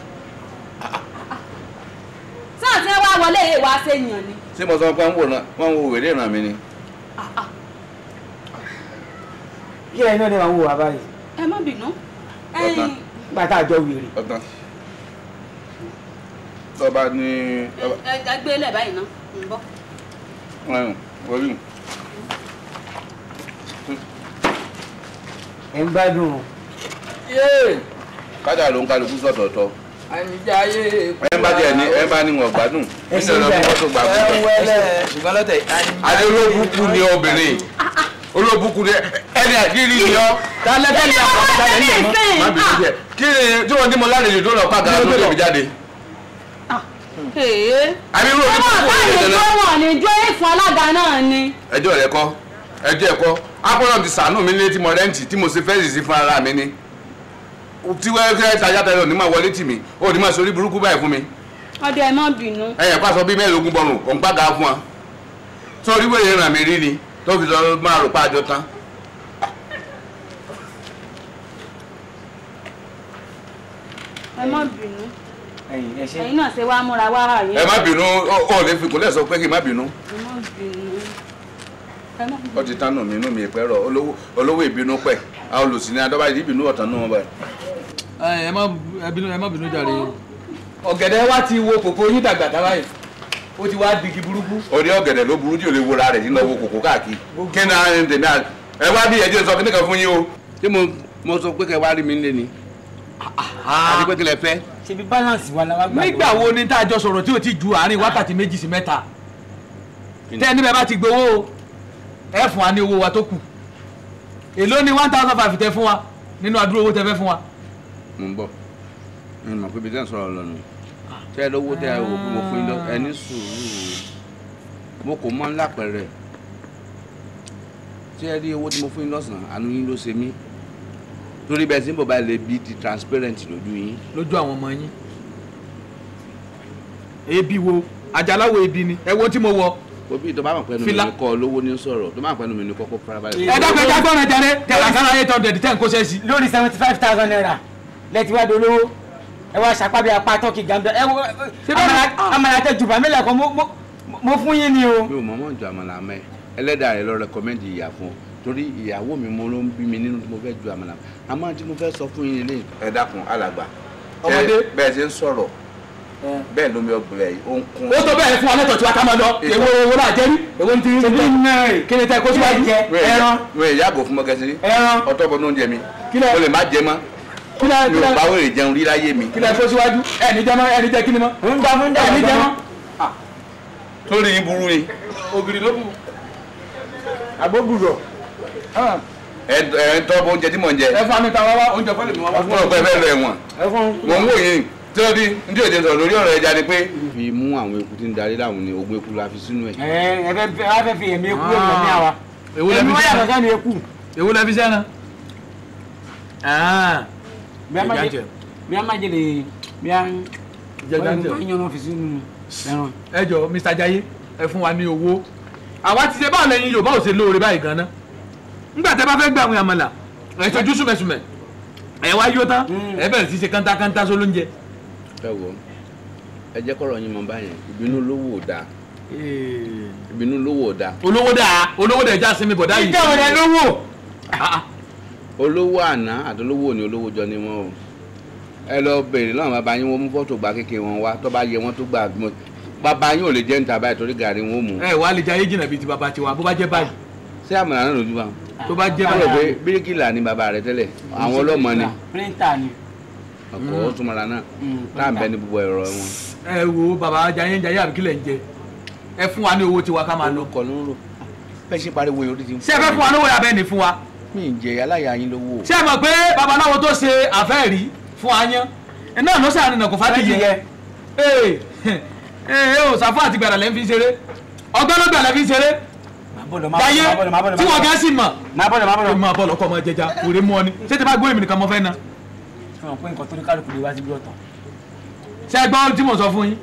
sọ́ọ̀tì ẹ wá wọlé ìwà ṣe yàn ni ṣé mo sọ pé wọ́n ń wo wèrè ìràn mi ni. yíyá iná ni wọ́n ń wo wà ah, ah. báyìí. ẹ má bínú. nígbà tá a jọ wèrè. tọ́ba ní. ẹ gbé lẹ̀ báyìí ná ń bọ̀. ọ̀hún wọlé mi. ẹ ń gbádùn. kájà ló ń kálukú sọ̀tọ̀ọ̀tọ̀ ẹ bá jẹ ní ẹ bá ní wọn gbádùn nítorí ọdún wọn tó gbàgbọ́ bẹ́ẹ̀. adé olóbùkún ni obìnrin olóbùkún ni ẹni àdírí ni ọ. kálẹ́tẹ̀ ní àwọn ọ̀gá yẹn ní ẹ̀mọ́ má bínú jẹ ah. kí ni tí wọ́n ní mo lálejò tó lọ pa àgàrà tó tóbi jáde. Ah. àbí irú olóbùkún wọn ni ìjọba. ẹjọ́ wọn ni ìjọ èfò alága náà ni. ẹjọ́ rẹ kọ́ ẹjọ́ ẹ̀kọ́ apọ́nà ti sàánú mi ní tí mo rẹ́ǹtì tí mo ṣe fẹ́ẹ́ sì sí fún ara mi ni tí wẹ́ẹ́rẹ́ tajà tẹ̀lé òní máa wọlé tì mí òní máa sọ orí burúkú báyìí fún mi. ọdẹ ẹ má bínú. ẹyẹ pàṣọ bíi mẹ́ẹ̀ẹ́dógún bọ́ọ̀nù kò ń gbàgà fún wa sórí wèrè ràn mí rí ni tó fi lọ máa rò pa àjọ tán. ẹ má bínú ẹ̀yin náà ṣe wá múra wá àyè. ẹ má bínú ó lè fi kúnlẹ̀ sọ pé kí n má bínú. ẹ má bínú ó ti tánù mí inú mi ìpẹ́ rọ olówó ìbínú pẹ̀ àwọn olùsìn ní adọ́bàjì ìbínú ọ̀tàn náà wọn báyìí. ẹ má bínú jàre o. ọ̀gẹ̀dẹ̀ wa ti wo kòkó yín dàgbà dára yìí ó ti wá digi burúkú. orí ọ̀gẹ̀dẹ̀ ló burú jù lè wo ra rẹ̀ nínú owó kòkó káàkiri kí ni àárín tèmi àti ẹ wá bí ẹjẹ sọ kíníkan fún yín o. ṣé mo sọ pé kẹ wá rí mi nílé ni àti pé kílẹ̀ fẹ́. ṣebí balance wa la wa gbà. nígbà wo ni tá a jọ sọ̀rọ̀ tí o ti ju àárín wákàtí méjì sí mẹ́ta ah. tẹ́ ẹ níbẹ̀ bá ti gbowó o ẹ fún wa ní owó wa tó kù èló ni one thousand five tẹ fún wa nínú àdúró owó tẹ fẹ́ fún wa. mo ń bọ̀ ẹ mọ̀ pé ibi tẹ́ ń sọ̀rọ̀ lọ́nu tẹ́ ẹ lówó tẹ́ ẹ wò mo fún yín lọ ẹ ní sùúrù mo kò mọ́ ńlá pẹ̀rẹ̀ tí ẹ rí owó tí mo fún yín lọ́sàn-án àánú yín ló ṣe mí torí bẹ́ẹ̀ sí ń bọ̀ báyìí lè bí di transparent lójú yín. lójú àwọn ọmọ yín ebi wo àjàláwo ebi ni ẹ wo tí mo wọ òbí tó bá mọ̀ pẹ́nu mi kọ́ lówó ní sọ̀rọ̀ tó bá mọ̀ pẹ́nu mi ní kọ́kọ́ farabalẹ̀. ẹ dákun ẹja gbọ́ràn jàre tẹ̀lá sára eight hundred ten kó ṣe é sí. lórí seventy five thousand naira lẹ́tí wá dolówó ẹ wá ṣàpábí apá tọ́kì gàmdọ́ ẹ wọ amalatẹ jùbà mẹ́lẹ̀ kan mo fún yín ni o. mi ò mọ̀ mọ́ ju àmàlà mẹ́ ẹlẹ́dàá rẹ lọ rẹkọmẹ́ndì ìyà fún torí ìyàwó mi mo ló ń bí mi nínú tí mo fẹ́ ju àmàlà àmọ́ tí mo fẹ́ sọ fún yín lé. ẹ dákun alàgbà ọmọdé bẹ́ẹ̀ ṣe ń sọ̀rọ̀ bẹ́ẹ̀ lómi ọgbẹ̀rẹ̀ yìí ó ń kún. ó tó bẹ́ẹ̀ fún wa mẹ́tọ̀ tí wa ká máa lọ èwo owó náà jẹ́ rí èwo ń tiri ní náírà kí ni tẹ́ kó síwájú jẹ ẹran. wẹ́n yàgò fún mọ́kẹ́sí ọtọ́ bọ́ ló ń jẹ o ó lè má jẹ mọ́ mi ò bá wèrè jẹun rí láyé mi. kí lẹ fọ́ síwájú ẹni jẹ mọ́ ẹni jẹ kí ni mọ́ ẹni jẹ mọ́. torí iburu ni. ògiri ló bù. àbógùrọ̀ ẹ ẹ tọ́ bó oúnjẹ tí mò ń jẹ. ẹ fún mi ta wá wá oúnjẹ fọ́lẹ̀ mi wá wá. ọkùnrin ọ̀pẹ fẹ́ tí ló di ndí òjò sọ̀rọ̀ lórí ọ̀rọ̀ ẹja ni pé. fi mú àwọn eku tí ń darí láwọn ni ogun eku la fi sínú ẹ. ẹ ẹ fẹ́ fi èmi eku èmi ẹ̀mí àwa èmi wọ́n yàtọ̀ sẹ́nu eku. èwo lẹ fi sẹ́nu. Ah. bí a má jẹ lè bí a ń yan ọ́fíìsì nínú ẹran. ẹ jọ Mr. Jaye ẹ fún wa ní owó àwa ti ṣe báwo lẹ́yìn Yorùbá ò ṣe lóore báyìí gan-an nígbà tẹ́ bá fẹ́ gbà àwọn àmàlà ẹ ṣojú súnmẹsùmẹ ẹ wá yóò tán hmm. ẹ bẹ̀rẹ̀ sí ṣe kántákántá sólóúnjẹ ẹ wò ẹ jẹ́ kọ́rọ̀ yín mọ báyẹn ìbínú lówó ò dáa ìbínú lówó ò dáa. olówó dáa olówó dẹ̀ já sí mi bọ̀dá yìí. ìjà ọ̀rẹ́ lówó. olówó àná àti olówó òní olówó jọ ni wọn o ẹ lọ béèrè lọ́wọ́n bàbá yín wọ́n mú fọ́tò gbà kékeré wọn wá tó bá yẹ wọ́n tó gbà bàbá yín ò lè jẹ́ níta báyìí torí gàrí wọn ò mú. ẹ wàá lè jayé jìnnà bíi ti bàbá tiwa bó bá jẹ́ báyìí. ṣé àmàlà náà lójú wa. tó bá jẹ́ báyìí. bíríkìlà ni bàbá rẹ tẹ́lẹ̀ àwọn ọlọ́mọ ni. píríntà ni ọkọ̀ súnmọ́ra náà mm, tá à ń bẹ ní gbogbo ẹ̀rọ wọn. ẹ wo bàbá jayé jayé àbí kílẹ̀ ń jẹ ẹ fún wa ní owó tiwa ká máa lọ. olùkọ́ ló ń rò bẹ́ẹ̀ ṣe pariwo yòó ti ṣé ẹ fẹ́ fún wa lówó yà bẹ́ẹ̀ ni fún wa. mi ì jẹ aláya yín lówó. ṣé ẹ mọ̀ pé babaláwo tó ṣe àfẹ́rí fún ayán náà ló ṣàánú nàkó fàtìyẹ ee <laughs> ee o ṣàfù àti gbàdà lẹ́ ń fi ṣeré ọgbẹ́ ló gbàdà fi ṣeré jayé tí wọ́n gẹ́ sì mọ̀. máa bọ̀ lọ máa bọ̀ lọ. máa bọ̀ lọ kọ́ ọmọ jẹjà òrè mú ọ ni ṣé ti bá gbóyè mi nìkan mọ fẹ́ na ṣé wọn pé nǹkan tó ní kálukú lè wá síbi ọ̀tọ̀. ṣé ẹ gbọ́ tí mo sọ fún yín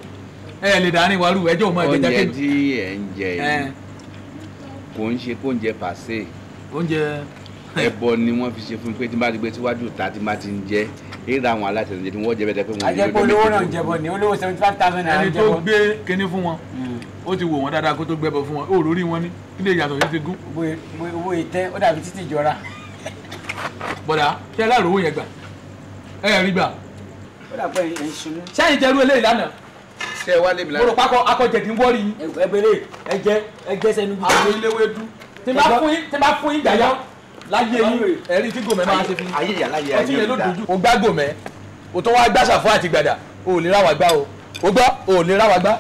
ẹ lè dàárín wa rú ẹjọ́ mọ́ ẹgbẹ́ jákèjì. oúnjẹ tí ẹ ń jẹ yìí kò ń ṣe kóúnjẹ pàṣẹ. oúnjẹ. ẹbọ ni wọn fi ṣe fún mi pé tí n bá ti gbé síwájú ta tí n bá ti ń jẹ ìra àwọn alátẹnudẹ ni wọn jẹ bẹtẹ pé wọn. àjẹpọ̀ o náà ń jẹbọ ni olówó seventy five thousand hmm. ti wò wọn dáadáa kó tó gbẹbọ fún wọn ó lórí wọn ní kí lè yàtọ̀ yìí ti gún. owó ìtẹ́ ó dàbí títì jọra. bọ̀dà kí ẹ owó yẹn gbà ẹ rí gbà. ó dà pé ẹ̀ ń sunú. sẹ́yìn jẹ́rú eléyìí lánàá. ṣé ẹ wá lébi lánàá. mo rò pa akọ akọjẹ̀dín wọ́ọ̀rì yín. ẹgbẹ́lẹ́ ẹjẹ ẹjẹ sẹ́nu. àwọn iléwé dú. tí n bá fún yín dàyà láyé yín ẹ̀rí tí gòmẹ máa ṣe fún ayé yà láyé ayé yóò dá. o gbá gòmẹ o tó wá gbàṣà fún àti gbàdà o ò lè ra wà gbá o o gbọ́ o ò lè ra wà gbá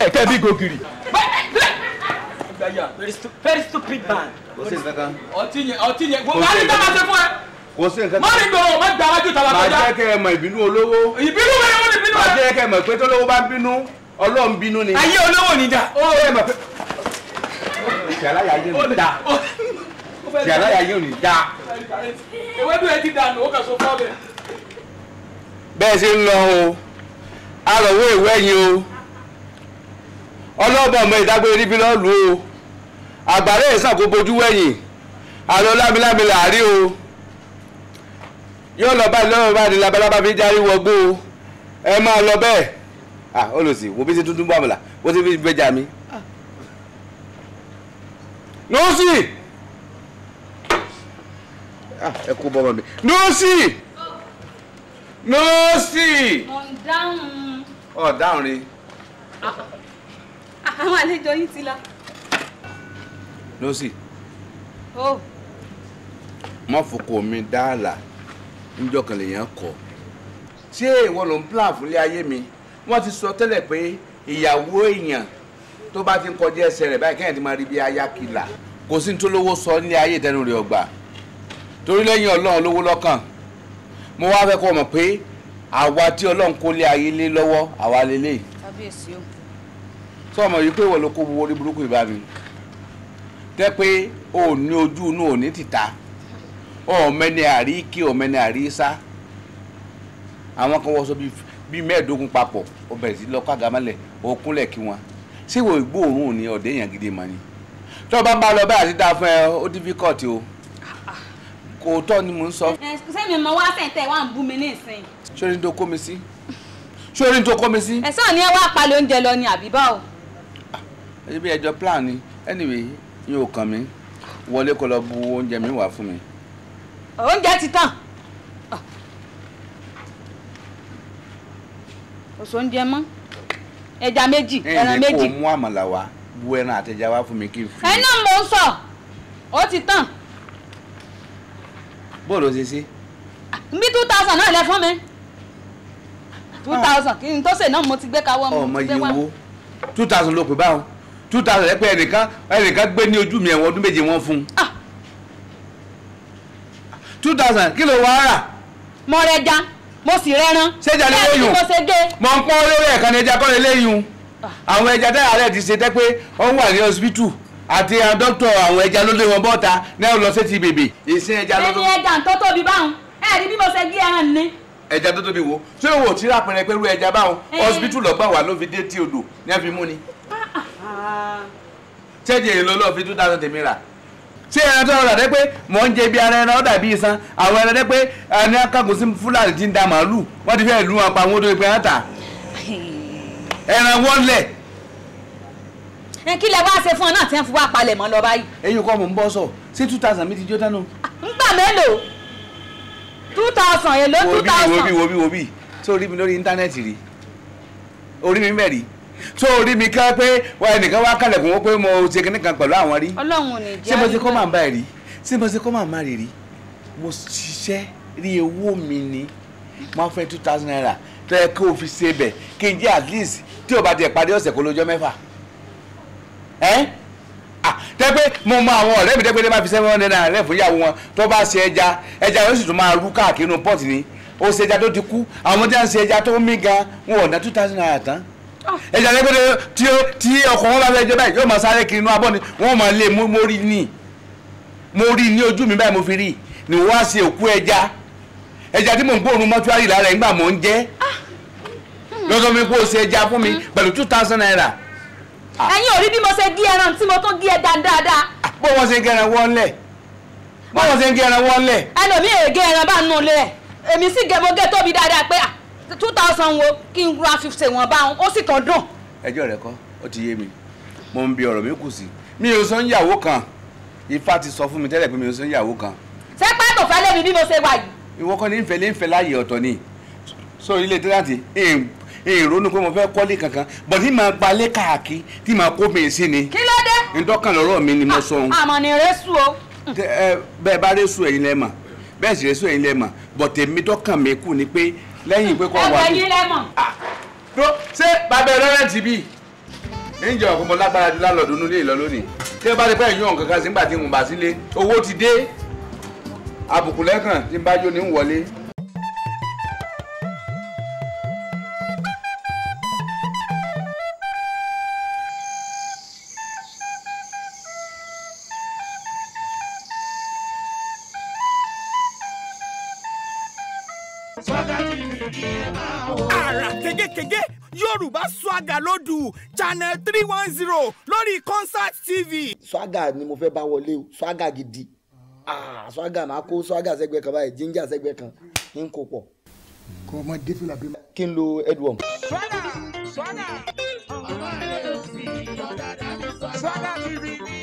ẹ̀kẹ́ bí gògiri. very stupid man. ọtí yẹn ọtí yẹn wọ́n á ní dábàá ṣe fún ẹ kò sí nǹkan. mọ́ni gbòòrò má gba wájú tàbá kọjá. màá jẹ́ kẹ́ ẹ mọ̀ ìbínú olówó. ìbínú wẹ́rẹ́ wọ́n ti bínú rẹ̀. màá jẹ́ kẹ́ ẹ mọ̀ pé tólówó bá bínú ọlọ́run bínú ni. ayé olówó níjà. ó yẹ mọ̀ pé. tí aláya yé ò ní da tí aláya yé ò ní da. ewédú ẹ ti dànù ó kà so fọ́ bẹ́ẹ̀. bẹ́ẹ̀ ṣe ń lọ o arọ̀wọ́ ìwé yìí o ọlọ́ọ̀bọ̀ ọmọ ìdágbére níbi lọ́ọ̀lù o àgbàrá ìsàkóbojú wẹ̀yìn àlọ́ lámilámi làárí o yóò lọ báyìí lọ́wọ́ báyìí labalábá fi járí wọgbó o ẹ máa lọ bẹ́ẹ̀ ah olùsí wo bí ṣe tuntun bọ́ àmàlà bó ṣe fi gbẹjà mi. nọ́ọ̀sì ẹ kó bọ́ ọmọ mi nọ́ọ̀sì nọ́ọ̀sì. ọ̀dáhùn. ọ̀dáhùn rè. àwọn àlejò yín ti lọ. nọ́ọ̀sì. ó. Oh. mọ́fùkù mi dáàlà níjọ́ kan lèèyàn kọ̀ ṣé ìwọ ló ń plan fúnlé ayé mi wọ́n ti sọ tẹ́lẹ̀ pé ìyàwó èèyàn tó bá ti ń kọjá ẹsẹ̀ rẹ̀ báyìí kẹ́hìn ti máa rí bí ayákìlà kò sí ní tó lówó sọ nílé ayé ìtẹnu rẹ̀ ọgbà torí lẹ́yìn ọlọ́run lówó lọ́kàn mo wá fẹ́ kọ́ mọ̀ pé àwa tí ọlọ́run kó lé ayé lé lọ́wọ́ àwa lélẹ̀ kábíyèsí o sọ ọmọ yìí pé ìwọ ló kó owó orí burúkú ìbá tẹ́ pé o ò ní ojú inú ò ní tìta ọ̀mẹ́ni àrí ike ọ̀mẹ́ni àrí sá àwọn kan wọ́n sọ bíi mẹ́ẹ̀ẹ́dógún papọ̀ ọbẹ̀ sí lọ́kọ́ àgámálẹ̀ òkúnlẹ̀ kí wọn ṣé ìwọ ìgbóòórùn ni ọ̀dẹ́ èèyàn gidi mọ̀ ni tó o bá ń bá lọ báyà sí dáa fún ẹ ó difficult o kò tọ́ ni mò ń sọ. sẹ́mi mo wá sẹ́ńtẹ̀ wá ń bú mi ní ìsìn. sórí ní tó kó mi sí sórí ní tó kó mi sí. ẹ̀sán ni ẹ wá palẹ̀ oúnjẹ lọ ni àbí báwo. Ah, ẹjọ́ bí ẹjọ́ plan ni anyway yóò kàn mí wọlé kó lọ bu oúnjẹ mi wá fún mi oúnjẹ ti tán oṣù oúnjẹ mọ́ ẹja méjì ẹran méjì. ẹ̀yin kò mú àmàlà wá bu ẹran àtẹja wá fún mi kí n fi. ẹ náà mò ń sọ ó ti tán. bóòlù ṣe ṣe. bí two thousand náà lẹ fún mi two ah. thousand kí n tó ṣe náà mo ti gbé kawọ́ mo ti gbé wá. ọmọ yìí wo two thousand ló pè báwọn two thousand ẹ pé ẹnìkan ẹnìkan gbé ní ojú mi ẹ̀wọ̀n ọdún méje wọ́n fún un. Ah, two thousand kí ló wá rà. mo rẹ já mo sì rẹran. ṣéjà ni lóyún mo ń pọ́n olórí ẹ̀ka ní ẹja kọ́ni léyún àwọn ẹja dára rẹ̀ ti ṣe tẹ́ pé ó ń wà ní hospital àti dókítà àwọn ẹja ló lé wọn bọ́ta náà lọ sí ti bèbè. ìsìn ẹja ló tó. ẹni ẹja tó tóbi báwọn ẹ̀ẹ́dì bí mo ṣe gé ẹran ni. ẹja tó tóbi wo ṣé òun ò tí ra pẹrẹ pẹ̀lú ẹja báwọn eh. hospital lọ́gbà wà ló fi dé tí odò ní ẹ fi mú ni. Ah, ah, ah. ṣé ẹ̀jẹ̀ yìí ló lọ́ọ́ fi two thousand tèmi rà ṣé ẹran tó rà dẹ́ pé mọ̀ ń jẹ bí ara ẹran ọ̀dà bíi isan àwọn ẹran dẹ́ pé ẹni akágun sí fúlàní ti ń da màálù wọ́n ti fẹ́ lù wọn pa àwọn odò ìpè ẹran wọ́n lẹ̀. ẹ kí lẹ wá ṣe fún ọ náà tí wọn fi wá palẹ̀ mọ́ lọ báyìí. eyín kọ́ mò ń bọ́ sọ ṣé two thousand mi ti jó dánú. ngbà mélòó two thousand èló two thousand. wo bí wo bí wo bí wo mi lórí íńtánẹ́ẹ̀tì rí orí mi mẹ́rin tó o rí mi ká pé ẹnìkan wá kálẹ̀kùn ó pé mo ṣe kinní kan pẹ̀lú àwọn rí ọlọ́run ò ní jẹ́ àríwá ṣé mo ti kọ́ màmá ẹ̀ rí ṣé mo ti kọ́ màmá rẹ̀ rí mo ṣiṣẹ́ rí owó mi ni máa fẹ́ two thousand naira tó yẹ kó o fi ṣe bẹ̀ kí n jẹ́ at least tí o bá tiẹ̀ parí ọ̀sẹ̀ kó lójọ́ mẹ́fà ẹ́ tẹ́pẹ́ mo mọ àwọn ọ̀rẹ́ mi tẹ́pẹ́ tẹ́pẹ́ fi seven hundred naira rẹ̀ fún ìyàwó wọn tó bá ṣe ẹja ẹja yóò sì tún máa rú káàkiri nù pọ́ọ̀tì ni ó ṣe ẹja tó ti kú àwọn ọmọdé à ń ṣe ẹja tó ń mí gan wọn ò ná two thousand naira tán ẹja lẹgbẹdẹ tí tí ọkọ wọn bá fẹ́ jẹ báyìí yóò máa sáré kiri inú abọ́ ni wọ́n máa lé mo rí ni mo rí ní ojú mi báyìí mo fi rí ni wọ́n á ṣe òkú ẹja ẹja tí mò ń gbóòórùn mọ́túárì lára ẹ̀ ńgbà mò ń jẹ lọ́sọ̀ mi kó o ṣe ẹja fún mi pẹ̀lú two thousand naira. ẹ̀yin ò rí bí mo ṣe gé ẹran tí mo tún gé ẹja dáadáa. bó wọn ṣe ń gé ẹran wọn lẹ̀ bó wọn ṣe ń gé ẹran wọn lẹ̀. ẹnu mi è gé ẹran bá nù lẹ̀ èmi sì gé mo gé tóbi dáadáa pé à two thousand wo kí n ra fifty wọn bá wọn ó sì tán dùn. ẹjọ́ rẹ kọ́ ó ti yé mi mo ń bi ọ̀rọ̀ mi kù sí mi ò sọ ń yàwó kan ifá ti sọ fún mi tẹ́lẹ̀ pé mi ò sọ ń yàwó kan. ṣé pátó fẹ́ lé mi bí mo ṣe wà yìí. ìwọ kọ́ ni ń fẹ́ lé ń fẹ́ láàyè ọ̀tọ̀ ni sórí ilé tẹ́láǹtì èrònú pé mo fẹ́ kọ́lé kankan bọ̀ tí màá gbalé káàkiri tí màá kó mi sí ni. kí ló dé. ntọ́kàn lọ́rọ̀ mi ni mo sọ ohun. Ah, àmọ́ ni rẹ́sù o. bẹ́ẹ̀ bá rẹ́sù ẹ̀yin lẹ́ẹ̀mà bẹ́ẹ̀ sì rẹ́sù ẹ̀yin lẹ́ẹ̀mà bọ̀ tèmi tọ́kàn mi kù ni pé lẹ́yìn pé kọ́ wà ní. ṣé bàbá lawrence bí níjẹ́ ọ̀gbọ́n mo lágbára ju lálọ́dún nílé ìlọ lónìí tí ó bá lè pẹ́ yún ọ̀kan kan sí nígbà tí mo bá sílé owó ti dé àbùkù lẹ́kàn tí n bá jó ní wọlé kékèké yorùbá swaga lódù channel three one zero lórí Consart TV. swaga ni mo fẹ́ bá wọlé o swaga gidi ah swaga máa kó swaga sẹ́gbẹ́ kan báyìí ginger sẹ́gbẹ́ kan ń kó pọ̀. kò mọ défì làbí. kí n lo edwom. swaga swaga swaga. swaga tv ni.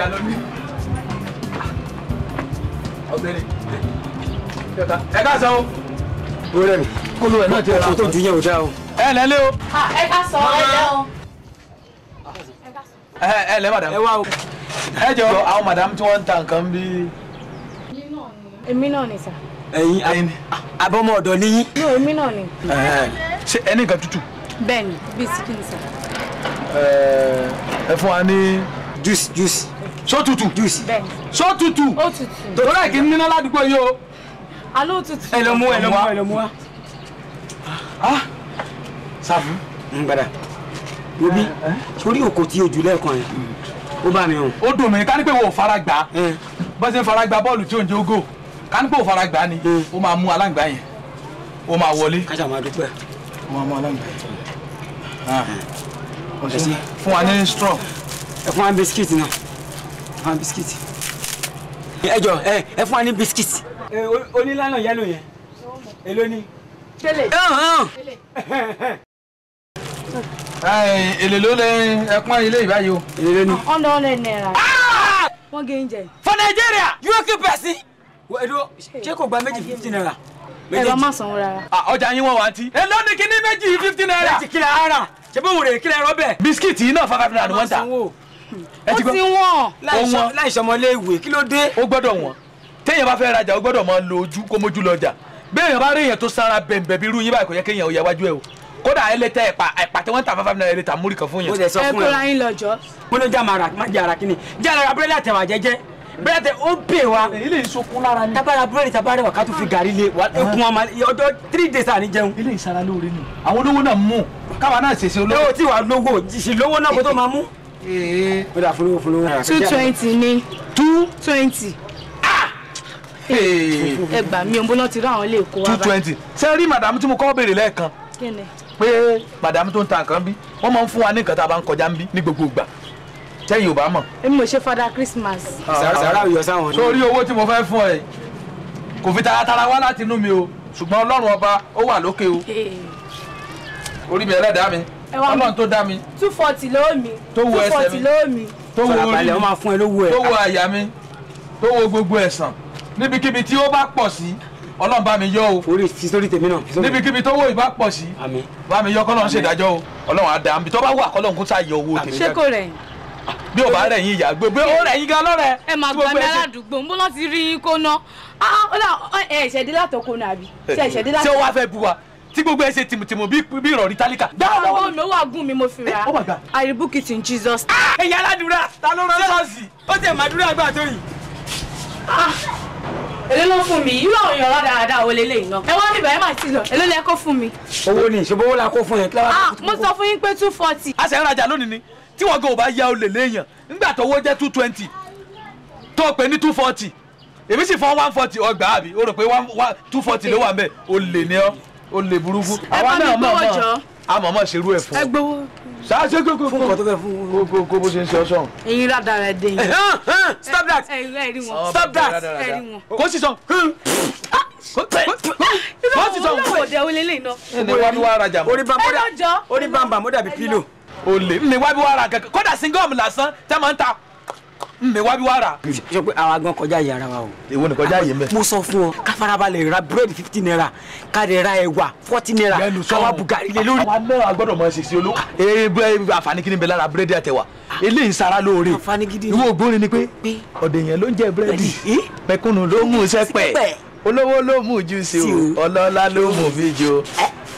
ọjà lónìí. ọ̀gbẹ́ni ẹ ká sọ o. wúrẹ́ mi kólú ẹ̀ náà ti rà tó dùn yẹn ò dáa o. ẹ lẹ́lẹ́ o. ẹ ká sọ ẹ lẹ́ o. ẹ ẹ lẹ́ madam. ẹ wá o. ẹ jọ àwọn madam tí wọ́n ń ta nǹkan bí. èmi náà ni sà. ẹyin ẹyin abọ́mọ ọ̀dọ́ ni yín. ní èmi náà ni. ṣé ẹ nǹkan tútù. bẹ́ẹ̀ni bíi síkìlì sà. ẹ fún wa ní. juice juice sótútù sótútù torí ẹ̀ kì í níná ládùúgbò yìí o. alo òtútù. ẹ lọ mú ẹ lọ mú ẹ lọ mú wa. sáfù. n gbàdá yobi sórí òkò tí ojú lẹ́ẹ̀kan yẹn o bá mi o. ó dùn mí ká ní pé wo fara gbà eh. bó ṣe ń fara gba bọ́ọ̀lù tí òǹjẹ́ ogo ká ní pé wo fara gbà ni o eh. Ma mú aláǹgbá yẹn ó máa wọlé. kájà máa dúpẹ́. ó máa mú aláǹgbá yẹn. Ah. Eh. fún wa ní strong. ẹ fún wa bisikíìtì náà àwọn bisikíìtì. ẹ jọ ẹ ẹ fún wa ní bisikíìtì. ẹ onílànà yẹlò yẹn èló ni. tẹ́lẹ̀. èlé ló lẹ ẹpọn ilé ìbáyìí o. èlé ló ni. ọ̀ndọ̀ ọ̀nà náírà. wọ́n gé oúnjẹ. for Nigeria you keep person. ẹ̀dọ́ ṣé kò gba méjì fifty naira ẹ̀rọ má sanwó rárá. Ah, ọjà yín wọ́n wá ti. èló ni kíní méjì fifty naira. méjì kílẹ̀ ara ṣé bóun rè kílẹ̀ rọ́bẹ̀. bisikíìtì yìí náà five hundred and one ta ẹ ti gbọ́ ó ti wọ̀n láìsọmọléèwé kí ló dé. ó gbọ́dọ̀ wọ̀n téèyàn bá fẹ́ rajà ó gbọ́dọ̀ máa lo ojú kó mójú lọ́jà béèyàn bá rí èèyàn tó sanra bẹ̀m̀bẹ̀ bí irú yín báyìí kò yẹ kéèyàn ò yà wájú ẹ̀ o kódà ẹ lè tẹ ẹ̀pà ẹ̀pà tí wọ́n ta fáfáfá náírà ẹ lè ta múrí kan fún yẹn. ẹ kó ra yín lọ́jọ́. mo ní jà máa jà ara kíni jà ara búrẹ́dì àtẹ̀wà jẹ́jẹ́ bẹ́ẹ̀ tẹ ó bè wa ilé ìsokun lára ni tabara búrẹ́dì tabara wà ká tó fi gàrí lé wa ekun ọmọ ọjọ́ three days àní jẹun. ilé ìsara lóore ni àwọn olówó náà mú káwa náà ṣèṣe olówó. ẹ ò tí wàá lówó ìṣèlówó náà kó tó máa mú. Eh. ó ah, two twenty ni. two twenty. Ah! Eh, eh. ẹ gbà mí òun bó náà ti rí àwọn ilé ìkó wa báyìí. two twenty ṣé rí màdàmú tí mo kọ́ béèrè lẹ́ẹ̀kan pé màdàmú tó ń ta nǹkan bí wọ́n máa ń fún wa ní nǹkan tá a bá ń kọjá ń bí ní gbogbo ìgbà tẹ́yìn ò bá mọ̀. èmi ò ṣe fada Christmas. Ah, sàrà yọ sáwọn. sórí owó tí mo fẹ́ fún ẹ kò fi taratara wá láti inú mi o ṣùgbọ́n Ọlọ́run ọba ó wà lókè o orí mi ẹlẹ́dàá mi ọlọ́run tó dá mi. two forty ló mi. tó wo ẹsẹ̀ mi tó wo orí mi tó wo àyà mi tó wo gbogbo ẹ̀sán níbikíbi tí ó bá pọ̀ sí ọlọ́run bá mi yọ o. orí fi sórí tèmi náà. níbikíbi tó wò ìbá pọ̀ sí bá mi yọ kọ́lọ́run ṣèdájọ́ o ọlọ́run á dá mi tó bá wà kọ́lọ́run kó sáà yọ owó tèmi. ṣé kò rẹ̀ yín bí o bá rẹ̀ yín ìyá gbogbo ó rẹ̀ yín gan lọ́rẹ̀. ẹ máa gba mi aládùúgbò ń bọ́ láti rí yín kó ná ah, ẹ ṣẹ̀dí látọkọ náà àbí ṣẹ̀dí látọkọ. ṣé o wá fẹ́ bu wa tí gbogbo ẹ ṣe tìmùtìmù bí ìrọ̀rí tálíkà. dáhùn owó mi agún mi mo fi ra àìrìbù kìtìn Jesus. Ah! ẹ̀yin aládùúrà ta ló rán ṣọ́ọ̀ṣì ó tẹ̀ màdúrà gbà tó yìí. Ah! èlé ló fún mi irú àwọn èèyàn dáadáa wo lélẹ́yìn náà ẹ wá ní ìbẹ̀rẹ̀ máa ti lọ èlé lẹ kó fún mi. owó ni ìṣòwò owó la kó fún yẹn. Ah! mo sọ fún yín pé two forty. a ṣe ń rajà lónìí ni tí wọn gan ò bá ya olè léèyàn nígbà tó owó jẹ two twenty tó pè ní two forty èmi sì fọ one forty ọgbà àbí o rò pé two forty ló wà ń olè ni ọ ó lè burúkú. àwa náà mọ̀ mọ̀ àmọ̀mọ̀ ṣerú ẹ̀ fún. ẹ gbowó. ṣáṣe kókó fún kò tó fẹ́ fún kókó kó bó ṣe ń ṣe ọṣọ. èyí rádà rẹ dé yìí. stop that stop that kò sì sọ. kò sì sọ. olówó òde olélẹ̀ iná. ní wàá bí wàá rajà mọ́. orí bàbá mo dàbí pílò. olè ní wàá bí wàá ra kankan kódà síngọ́ọ̀mù lásán tẹ́ máa ń ta mbẹ wá bí wá rà. sọ pé àwa gan kọjá yìí ara wa o. èwo ni kọjá yìí mbẹ. mo sọ fún ọ ká farabalẹ̀ ra búrẹ́dì fifty naira ká lè ra ẹ̀wà forty naira ká wá lé lórí. àwa náà gbọ́dọ̀ mọ ṣèṣe olú. ee àǹfààní kí ni bẹ lára búrẹ́dì àtẹ̀wà eléyìí sara lóore. àǹfààní gidi ni. ìwọ ògbórin ni pé ọ̀dẹ̀ yẹn ló ń jẹ búrẹ́dì pẹkúnnù ló mú sẹ́pẹ̀ olówó ló mú jù sí o ọlọ́lá ló mú mi jù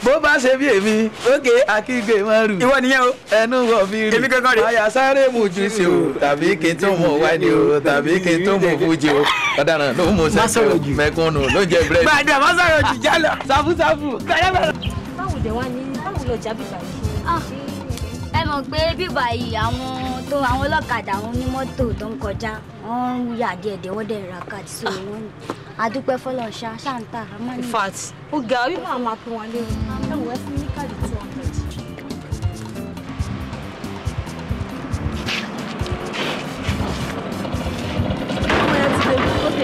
bó bá ṣe bí èmi lókè akígbe máa rù. ìwọ nìyẹn o. ẹnu wọ mi rù. èmi kankan rè. àyà sáré mu ju sí o tàbí kí n tó mọ wáìnì o tàbí kí n tó mọ fújì o. ọ̀daràn ló ń mọ sẹ́kẹ̀ o mẹ́kúnnù ló ń jẹ búrẹ́dì. gbàdúrà má sọ̀rọ̀ jù jálọ. sáfúsáfù. báwo lè wá ní báwo lọ jábìbà yìí. Ah ẹ mọ̀ pé bíbà yìí àwọn tó àwọn ọlọ́kadà àwọn onímọ́tò tó ń kọjá wọ́n ń yà díẹ̀ díẹ̀ wọ́n dẹ̀ ra káàdì sórí wọn ni àdúpẹ́ fọlọ́ ṣá ṣáǹtà àmọ́ ní. fat ó ga orí máa máa pín wọn léwu ẹ wọ ẹ fún ní káàdì two hundred. ọmọ yẹn ti lè ok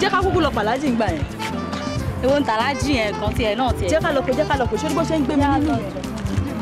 jẹ́ ká kúkú lọ pàlájì ń gbà yẹn. ewo ń tàlájì yẹn kan tiẹ̀ náà tiẹ̀. jẹ́ ká lọ pé jẹ́ ká lọ pé ṣé bó ń gbé mi nínú yẹn.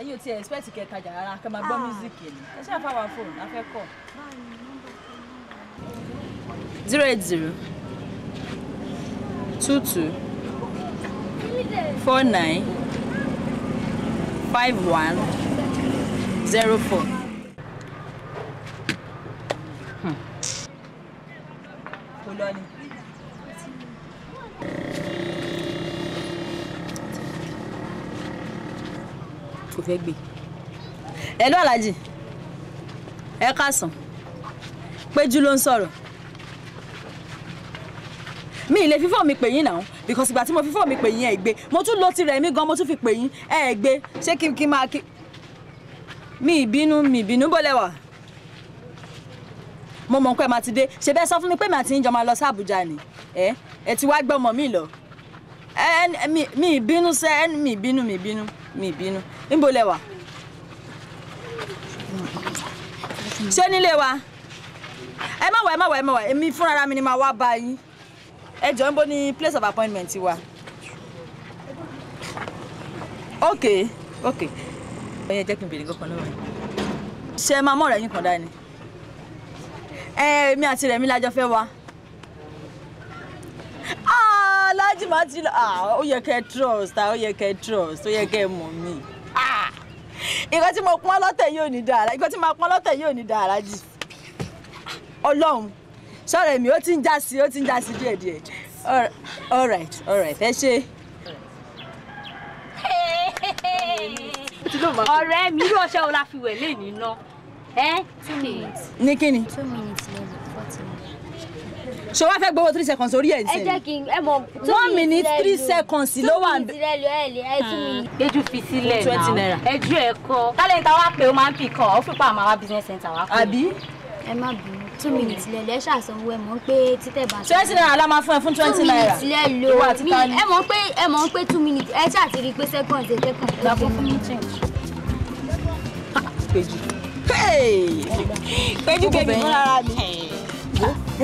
ẹ̀yin ò ti expect kẹ́ tajà rárá kẹ́ máa gbọ́ ah. music ni ẹ ṣáà fáwọn fóònù la fẹ́ kọ̀. zero eight zero two two four nine five one zero four. Hmm. kò lọ ni. tó fẹ́ gbé. ẹ̀lú aláàjì ẹ káàsán péjú ló ń sọ̀rọ̀ mi ìlè fífọ́ mi pè yín náà because ìgbà tí mo fífọ́ mi pè yín ẹ̀ gbé mo tún lo tirẹ̀ mi gan mo tún fi pè yín ẹ̀ gbé ṣé kí kí máa kí mi ìbínú mi ìbínú bó lẹ́wà mo mọ̀ pé màá ti dé ṣe bẹ́ẹ̀ sọ fún mi pé màá ti ń jọ máa lọ sí Àbújá ni ẹ ẹ ti wá gbọ́mọ mi lọ ẹ mi ìbínú sẹ ẹ mi ìbínú mi ìbínú mi bínú níbo lẹ wà ṣé nílé wa ẹ má wà ẹ má wà ẹ má wà èmi fúnra mi ni màá wá bá yín ẹ jọ ń bó ní place of appointment wa ok ok ẹyẹ jẹ́ kí n bèrè kankan lọ́wọ́ ṣe máa mọ̀ rẹ̀ yín kan dání ẹ èmi àti rẹ̀ mi lájọ fẹ́ wá. aláàjì máa ti lọ ah, ó yẹ kẹ́ trust ah, ó yẹ kẹ́ trust ó yẹ kẹ́ mọ̀ mí ah, nǹkan tí mo pọ́n lọ́tẹ̀ yóò ní dára nǹkan tí mo pọ́n lọ́tẹ̀ yóò ní dára jì ọlọ́run sọ̀rọ̀ mi ó ti ń já sí ó ti ń já sí díẹ̀ díẹ̀ all right all right ẹ ṣe. ọ̀rẹ́ mi irú ọṣẹ wo la fi wẹ̀ nínú ẹ́. two minutes. ní kíni. two minutes ṣé wàá fẹ́ gbowó three seconds orí ẹ̀ ń ẹ jẹ́ kí ẹ mọ two minutes one minute three seconds ló wà. two minutes rẹ lọ ẹ lè ẹ two ah, minutes. eju fi sílẹ̀ náà ẹjú ẹ̀ kọ́ tálẹ̀ntà wa pé o máa ń pì kàn ọ́ fipá àmọ́ àwa business center wa kọ́. àbí. ẹ má bínú two minutes lẹ́lẹ́ ṣàsanwó ẹ mọ̀ pé títẹ̀ bá. twenty naira la máa fún ẹ fún twenty naira two minutes lẹ́ lo mi ẹ mọ̀ pé ẹ mọ̀ pé two minutes ẹ ṣáà rí pé second ẹ second. gba fún mi change. péjú péjú péjú kejì mọ́ lára mi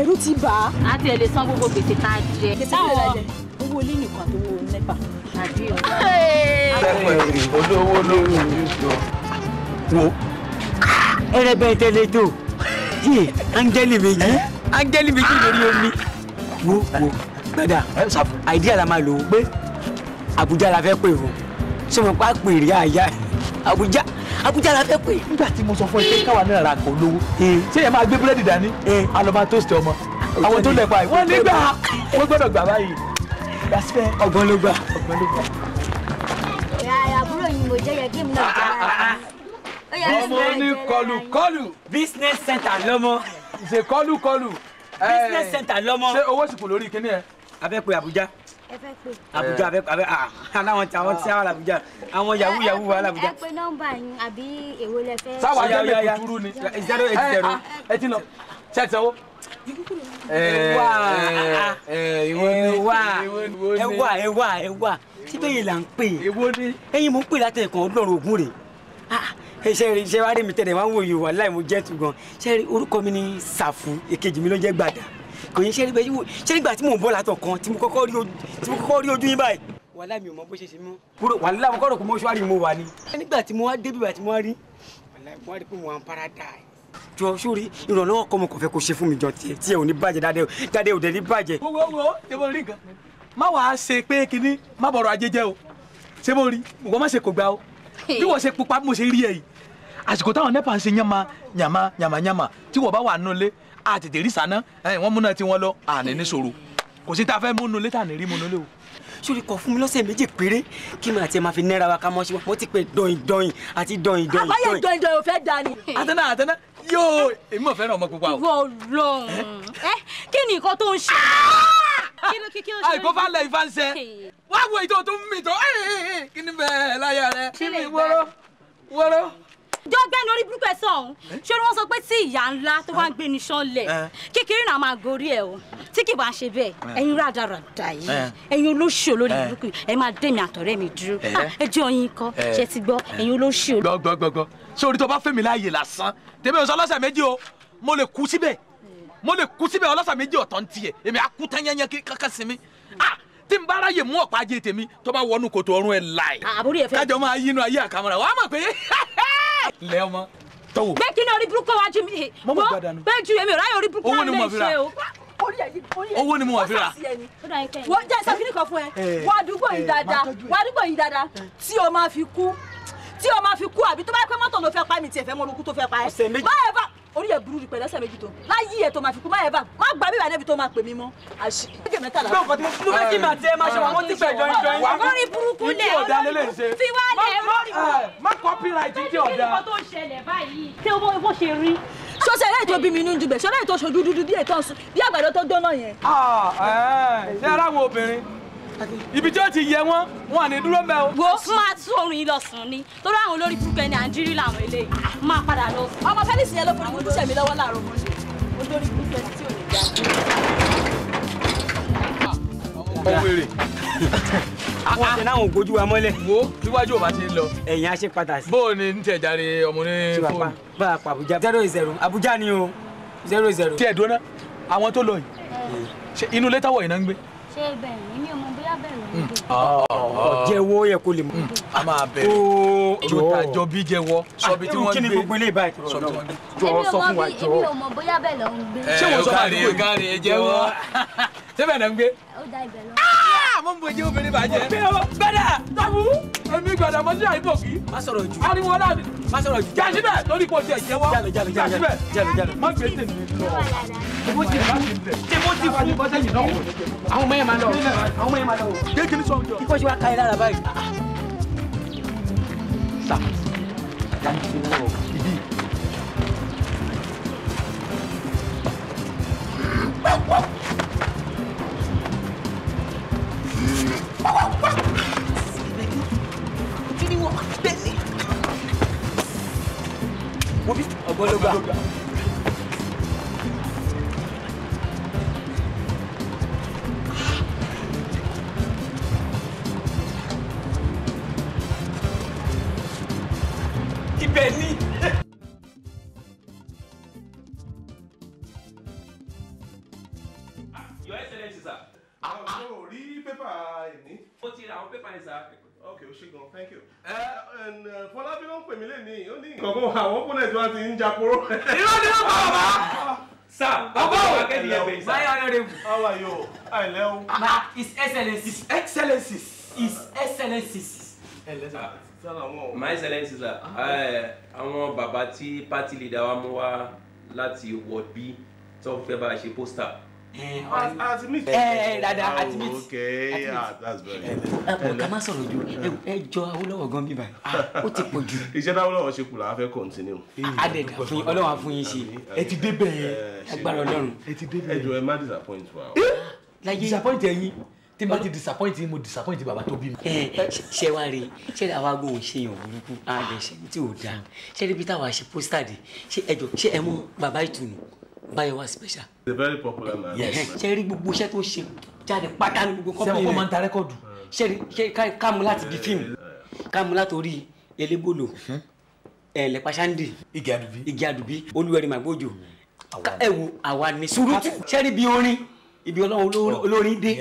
ẹ̀rù ti bà á. a ti ẹ̀ lè san gbogbo gbèsè tá a jẹ. gbèsè lè lajẹ owó ilé nìkan tó wọ nípa. àbí o. sẹ́kọ̀ọ́ èrè olówó lórí mi sọ. wo ẹrẹbẹ tẹlẹ tó angeli méjì angeli méjì lórí omi wo wo gbada àìdíyà la máa lò ó pé Àbújá la fẹ́ pè o ṣé mo pa pèrè àyà Àbújá. Abuja la fẹ́ pè. nígbà tí mo sọ fún ẹ pé káwa náà ra kò lówó eh. ṣé ẹ máa gbé búrẹ́dì dání eh. alọ́ba tó ṣe ọmọ àwọn tó lẹ̀ pa ẹ̀ wọ́n nígbà wọ́n gbọ́dọ̀ gbà báyìí yasifẹ́ ọgbọ́n ló gbà. àbúrò yìí mo jẹ́ yẹ ah, ah, ah, kí n náà jára ọmọ ní kọlùkọlù. business center lọ́mọ. ṣe kọlùkọlù. business center lọ́mọ. ṣé owó sì kù lórí kíní ẹ. abẹ́ pé Abuja. Abuja abẹ abẹ aláwọn tí àwọn tí àwọn Abuja àwọn yahoo yahoo wà Abuja. ẹ pe nọ́mbà yín àbí èwo lẹ fẹ́. sáwà jẹ́ mi kúkúrú ni zero eight zero. ẹ ti lọ ṣe ti sanwó. ẹwà ẹwà ẹwà ẹwà ẹwà tí bẹ́ẹ̀ yẹn là ń pè é ẹyin mo ń pè látẹ̀ kan ọlọ́run ògùn rè ṣe ah, ṣe wá rí mi tẹ̀lé wá ń wòye wà láì mo jẹ́ tu gan ṣe orúkọ mi ni Sàfù èkejì mi ló jẹ́ Gbàdà kò yín ṣẹ́rí bẹ́ẹ̀ ṣẹ́rí gbà tí mò ń bọ̀ látọ̀ kan tí mo kọ́kọ́ rí ojú yín báyìí wàhálà mi ò mọ bó ṣe ṣe mọ́ kúrò wàhálà mo kọ́rọ̀ kó mọ́ṣúárì mo wà ní. nígbà tí mo wá débi bàtí mo wá rí wàhálà mo wá rí pé mo wà ń paradise jọ sórí ìrànlọ́wọ́ kọ́ mo kàn fẹ́ kó ṣe fún mi jọ tiẹ̀ tiẹ̀ ò ní bàjẹ́ dáadé dáadé ò dẹ̀ ní bàjẹ́. wo wo wo ṣé mo rí nǹkan má wàá ṣe pé kínní o ṣé mo rí o bí wọ́n ṣe pupa bí mo ṣe rí ẹ yìí àsìkò táwọn nepa ń ṣe yànmà yànmà yànmà yànmà tí a tètè rí sáná wọ́n múná tí wọ́n lọ àní ní ṣòro kò sí ta fẹ́ múnú létà ní rí múnú lé o. sori kọ fún mi lọ́sẹ̀ méjì péré kí màá tiẹ̀ máa fi náírà wa ká mọ́ sí wa mo ti pe dọ̀yìn dọ̀yìn àti dọ̀yìn dọ̀yìn. àbáyé dọ̀yìn dọ̀yìn ò fẹ́ da ni. àtẹnà àtẹnà yóò èmi ò fẹ́ràn ọmọ pupa o. wọ́n lọ ẹ kí ni nǹkan tó ń ṣe. àìkó bá lẹ ìfà ń sẹ wá wo ìtò tó ń mì tó kí ni bẹ́ẹ̀ láyà rẹ. wọ́rọ́ wọ́rọ́ jọgbẹ́ni orí burúkú ẹ sọ ọ̀hún eh? ṣé wọ́n sọ pé tí ìyá ńlá tó bá ń eh? gbé ni ṣánlẹ̀ eh? kékeré náà máa gorí ẹ o tí kì bá ń ṣe bẹ́ẹ̀ ẹ̀yin rádaràdà yìí ẹ̀yin olóṣì olórí burúkú ẹ máa dẹ̀mí àtọ̀rẹ́ mi dúró ah, ẹ jẹ́ ọyìn kọ́ ṣe ti gbọ́ ẹ̀yin olóṣì olórí. gbọgbọgbọgbọ ṣé orí tó bá fẹ́mi láàyè lásán tèmi ò sọ ọlọ́sẹ̀ méjì o mo lè kú síbẹ̀ mo lè kú síbẹ̀ ọlọ́sẹ̀ méjì ọ̀tọ̀ ń tiẹ̀ èmi á kú tán yẹnyẹn kankan sí mi ah, tí n bá ráyè mú ọ̀pá ajé tèmi tó bá wọnú kòtò ọrùn ẹ̀ láì ah, kájọ máa yínú ayé àkàmọ́ra wàá mọ̀ pé <laughs> lẹ́ ọmọ tọwọ. bẹ́ẹ̀ kí ni orí burúkú wa ju mi. mo mọ gbàdánù. bẹ́ẹ̀ ju èmi ò ráyè orí burúkú wa lè ṣe o. owó ni mo wà fi ra. wọ́n jẹ́ sọ kíní kan fún ẹ eh, wọ́n àdúgbò yìí eh, dáadáa wọ́n àdúgbò yìí dáadáa tí o máa fi kú tí o máa fi kú àbí tó bá yẹ pé mọ́tò ló fẹ́ pa mi tiẹ̀ fẹ́ mọ́ olùkú tó fẹ́ pa ẹ́. báyọ̀ bá orí ẹ̀ burú pẹ̀lú ẹsẹ̀ méjì tó láyé ẹ̀ tó máa fi kú má yẹ bá má gbà bíbá níbi tó máa pè mí mọ́ àṣì. ẹgbẹ́ mẹ́ta la. lóòkàn tí mo fẹ́ kí màá tẹ máa ṣe wà wọ́n ti fẹ́ jọyìn jọyìn. wà á kọ́ ní burúkú lẹ̀ olórí fi wá lẹ̀ lórí wọn. Eh, má copyright ìdí ọ̀dà. ṣé o bó ṣe rí. sọ́sẹ̀ ẹ̀rẹ́ ìtòbí mi nínú jùbẹ̀ sọ́sẹ̀ ẹ̀rẹ́ ìtòṣojú dúdú bí àgbàdo tó jóná yẹn. Ah, eh, ṣé ara àwọn obìnrin ibi tí ó ti yẹ wọn wọn à ní dúró mbẹ o. wo máa tún oorun yìí lọ sùn ni torí àwọn olórí púpọ̀ ẹni à ń jírí làwọn eléyìí máa padà lọ. ọmọ Felix yẹn ló forí kú tẹ̀ mí lọ́wọ́ láàárọ̀ mọ́ṣẹ́ olórí púpọ̀ ẹni tí ò ní gbà. ọmọ wèrè wọn ti náwọn ògbójú wa mọ́lẹ̀. wo níwájú ò bá ti ń lọ. ẹ̀yìn á ṣe pàtàkì. bó o ní ní tẹ̀ jáde ọmọ ní fóònù. bá a pa Abuja zero zero Abuja ni o zero zero. tiẹ̀ dúró ná àwọn tó lọ yìí ṣe inú létà wọ̀ yìí náà ń gbé. ṣé bẹ́ẹ̀ ni mi ò mọ Mm. jẹ́wọ́ yẹ kó lè mú. Mm. a máa bẹ̀rẹ̀ jọta jọ bí jẹ́wọ́ sọbi tí wọ́n gbé kí ni gbogbo ilé ìbáyìí tó lọ jọ sọ fún wa jọ. èmi ò mọ bóyá bẹ́ẹ̀ lọ ń gbé. Eh, ṣé wọ́n sọ fún àdúgbò ẹ ẹ káre ẹ jẹ́wọ́ ṣé bẹ́ẹ̀ ń gbé. ó da ibẹ̀ lọ. Ah! mo ń bojú obìnrin bàjẹ́. bẹ́ẹ̀dà tọ́wú èmi gbọ̀dọ̀ mo sí àyíkò kí. má sọ̀rọ̀ jù. ariwo ọlá mi. má sọ̀rọ̀ jù. jà síbẹ̀ torí kò tiẹ̀ jẹ́wọ́. jalè jalè jalè jalè jalè. má gbé tèmi lọ. tèmo ti fún tèmo ti fún. àwọn ọmọ yẹn máa lọ. àwọn ọmọ yẹn máa lọ. kékeré sọ ọjọ. ikọ́ ṣe wá ká ẹ lára báyìí. sà ni ó ní ìkọ̀kọ̀ àwọn opponent wa ti ń jàporó. irọ́ ni wọ́n bá wà bá. sir bàbá o báyọ̀ ọ̀rẹ́dẹ̀bù. how are you àìlẹ́ o. ma his excellences. his excellences. his excellences. Ah. my excellences ah. eh, la àwọn bàbá tí party leader wa mú wá láti ward b tó fẹ́ bá a ṣe poster ẹ dada oh, okay that's very good. ká má sọ̀rọ̀ ju ẹ uh-huh. jọ Awólọ́wọ̀ gan bíbá ah, ó ti pọ̀ jù. iṣẹ́ táwọ́lọ́wọ́ ṣe kù làwọn fẹ́ continue. Eh, adẹ̀dà fún yín ọlọ́wà fún yín ṣe ẹ ti débẹ̀ agbára ọlọ́run. ẹ ti débẹ̀ ẹ jọ ẹ má disappoint wa. Eh? láyé disappoint ẹ̀yin tí bá ti disappoint mo disappoint bàbá tó bí mi. Eh, ṣé wàá rí ṣé àwa gbóhùn ṣe èèyàn burúkú àgbẹ̀ ah, ṣe tí ò dáa ṣé níbi táwa ṣe pósítà dé ṣé ẹjọ ṣé ẹ mú bàbá ìtùnú báyọ̀ wá special. it's a very popular man. ṣe rí gbogbo iṣẹ́ tó ṣe jáde pátá ní gbogbo kọ́pì rẹ̀ sẹ́wọ̀n máa ń ta rẹ́kọ̀dù. ṣe rí ṣe káàmù láti di fíìmù káàmù látòrí elébòlò hmm. ẹ̀lẹ́pàṣándì igi àdùbí olúwẹ̀rì màgbójò hmm. ẹ wo àwa ní sùúrù ṣe rí bí orin ibi ọlọ́run olórin dé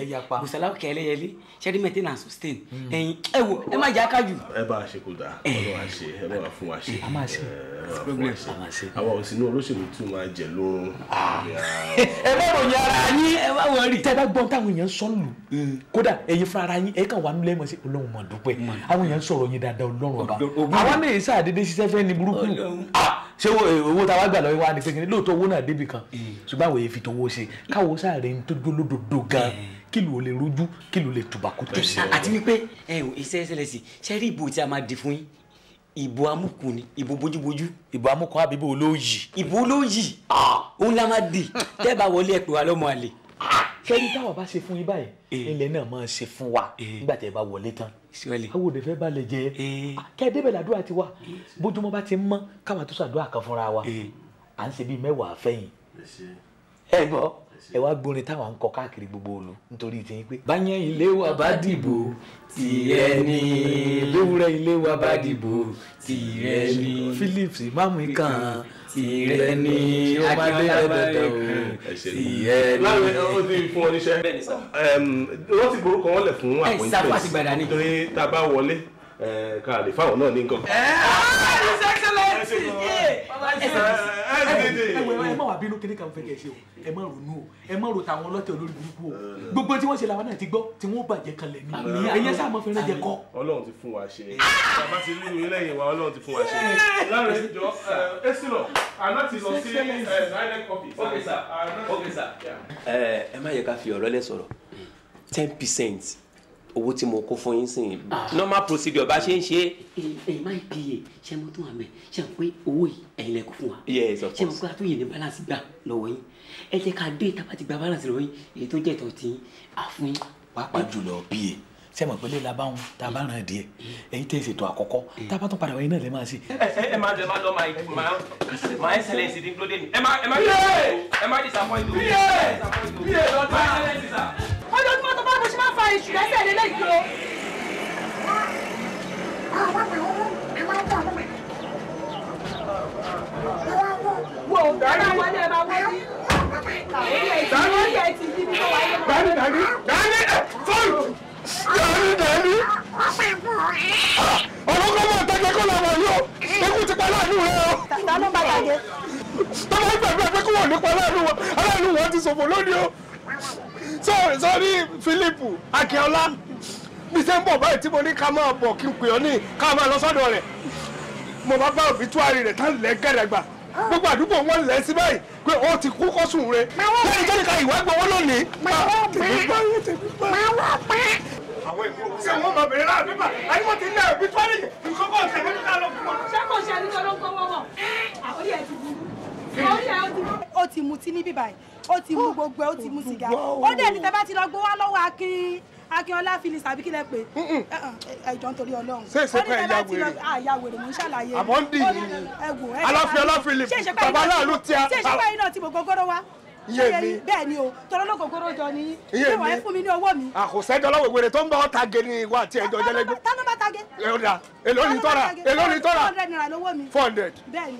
musala kẹlẹyẹlé ṣẹ́rí and sustain ẹ̀yin ẹ wo ẹ má jẹ́ akájù. ẹ bá a ṣe kó dà eh. ọlọ́run á ṣe ẹ bá a fún wa ṣe eh, eh, ẹ bá a ṣe àwa òsínú olóṣèlú tún máa jẹ lórun. Ah. <laughs> ẹ bá ròyìn ara yín ẹ bá wọrí. tẹ bá gbọ́n táwọn èèyàn sọ lù hmm. kódà ẹ̀yin fún ara yín ẹ kàn wà nílẹ̀ mọ̀ sí ọlọ́run mọ̀ dúpẹ́ àwọn èèyàn sọ̀rọ̀ yín dáadáa ọlọ́run ọba àwa náà sáà dédé ṣiṣẹ́ fẹ́ ni burúkú ṣé owó tá a wá gbà lọ́wọ́ wa ni pé kí ni lóòótọ́ owó náà débì kan mm. ṣùgbọ́n àwọn èyí fi tówó ṣe mm. káwọ́ sáré ń tó gbólódodo gan mm. kí ló lè rojú kí ló lè tùbàkú tó ṣe. àti wípé ẹ ò iṣẹ́ ẹsẹ̀lẹ̀ sí ṣe rí ìbò tí a máa dì fún yín ìbò amúkùn ni ìbò bójúbójú. ìbò amúkùn àbí ìbò olóyì. ìbò olóyì òun ah! la máa dì tẹ́ bá wọlé ẹ pè wá lọ́mọ àlè. Ah! ṣé táwọn bá ṣe fún yín báyìí eh. ilẹ̀ náà máa ṣe fún wa eh. nígbà tẹ́ bá wọlé tán awo de fẹ́ balẹ̀ jẹ́ ah, kẹ́ẹ̀dé bẹ̀ làdúrà ti wá bójúmọ́ bá ti mọ́ káwọn tó ṣàdúrà kan fúnra wa à ń ṣe bíi mẹ́wàá fẹ́yìn ẹ gbọ́ ẹ wá gbórin táwọn ń kọ káàkiri gbogbo olú nítorí ti yín pé. báyẹn ilé wa bá dìbò tìrẹ ni lówùrẹ́ ilé wa bá dìbò tìrẹ ni Philips mamu kan tìrẹ ni ó bá dé ẹ̀dọ̀dọ̀ o tìrẹ ni. láàrin ó ti fún wọn níṣẹ́ wọ́n ti gbórúkọ wọn lẹ̀ fún àpò ìtẹ̀sí nítorí tá a bá wọlé ká lè fáwọn náà ní nǹkan. Ah, his excellence ẹ má wà bínú kíní kan fẹ́ kẹ́ ẹ ṣe o ẹ má ronú o ẹ má ro tàwọn ọlọ́tẹ̀ olórí burúkú o gbogbo tí wọ́n ṣe làwọn náà ti gbọ́ tí wọ́n bàjẹ́ kan lẹ̀ ní ẹ̀yẹ sáà mọ́ fẹ́ràn jẹ kọ́. ọlọ́run ti fún wa ṣe bàbá ah! ti rí ìwé lẹ́yìn wa ọlọ́run ti fún wa ṣe. láàrin ìjọ ẹsìlọ eh, àná ti lọ sí eh, direct office. ok sir ok sir. Eh, ẹ má yẹ ká fi ọ̀rọ̀ lẹ sọ̀rọ̀ ten percent owó tí mo kó fún yín sìn ah. normal procedure bá ṣe ń ṣe. ẹ má bí e ṣe mo tún wà mẹ ṣe mo pé owó yìí ẹ̀yin lẹ fún wa ṣe mo pé a tún yẹn ní balance gbà lọ́wọ́ yín ẹ jẹ́ ká dé ìtàbá ti gba balance lọ́wọ́ yín èyí tó jẹ́ ìtọ́ ti àfún yín. pàápàá jùlọ bí e ṣe mọ̀ pé lè la tá a bá ràn díẹ̀ mm. èyí tẹ̀ ṣètò àkọ́kọ́ mm. tá a bá tún padà wọ̀nyí náà lè máa ṣe. ẹ ẹ máa lọ máa lọ máa máa excellence dín lóde ni ẹ má ẹ má e! ẹ má disappoint o. bíyẹn e! bíyẹn e, lọ́dún. máa excellence sà èṣù lẹ́sẹ̀ Tọ́lá ń gbàgbé pé kí wọ́n nípa aláàánú wọn aláàánú wọn ti ṣòfò lónìí o sọ̀rọ̀ sọ́rí Philipu Akínọlá bí ṣe ń bọ̀ báyìí tí mo ní ká máa bọ̀ kí n pè ọ́ ní ká máa lọ sọ́dọ̀ rẹ̀ mo bá bá òbítúárì rẹ̀ tán lẹ́ gẹ̀rẹ̀gbà gbogbo àdúgbò wọn lẹ́ sí báyìí pé ó ti kú kọ́sùn rẹ̀ lẹ́yìn tó ní ká ìwà gbọ́ wọn lónìí. àwọn èkó ṣé wọn máa bèrè láàbí mà àyè wọn ti ní òbítúárì nǹkan bọ̀ ṣe nínú ká lọ fún wọn. ṣé kò ṣe àdúgbò ló ń gbọ́ wọ́wọ́ ó ti mú gbogbo ẹ ó ti mú sìgá ó dẹ̀ ní tẹ́bá ti lọ gbówá lọ́wọ́ akin akínọlá phillips àbí kí lẹ pé eh, eh, eh, ẹjọ nítorí Ọlọ́run ṣé ìṣe pé ẹyà wèrè àyà ah, wèrè mò ń ṣàlàyé àmọ́ ń dì í aláfiọlá phillips bàbá aláàlú tí a. ṣé ìṣe pé iná ti bò gógóró wa iye mi bẹ́ẹ̀ ni o tọrọ ló gògóró jọ ni iye mi fún mi ní owó mi. àkùsẹ́ dọ́lọ́wọ̀ ìwé rẹ̀ tó ń bá ọ tage ní ìwà àti ẹ̀jọ̀ jẹ́lẹ́gbẹ́. tánú bá tage. èlò ní tọ́ra èlò ní tọ́ra four hundred naira lówó mi. four hundred. bẹ́ẹ̀ ni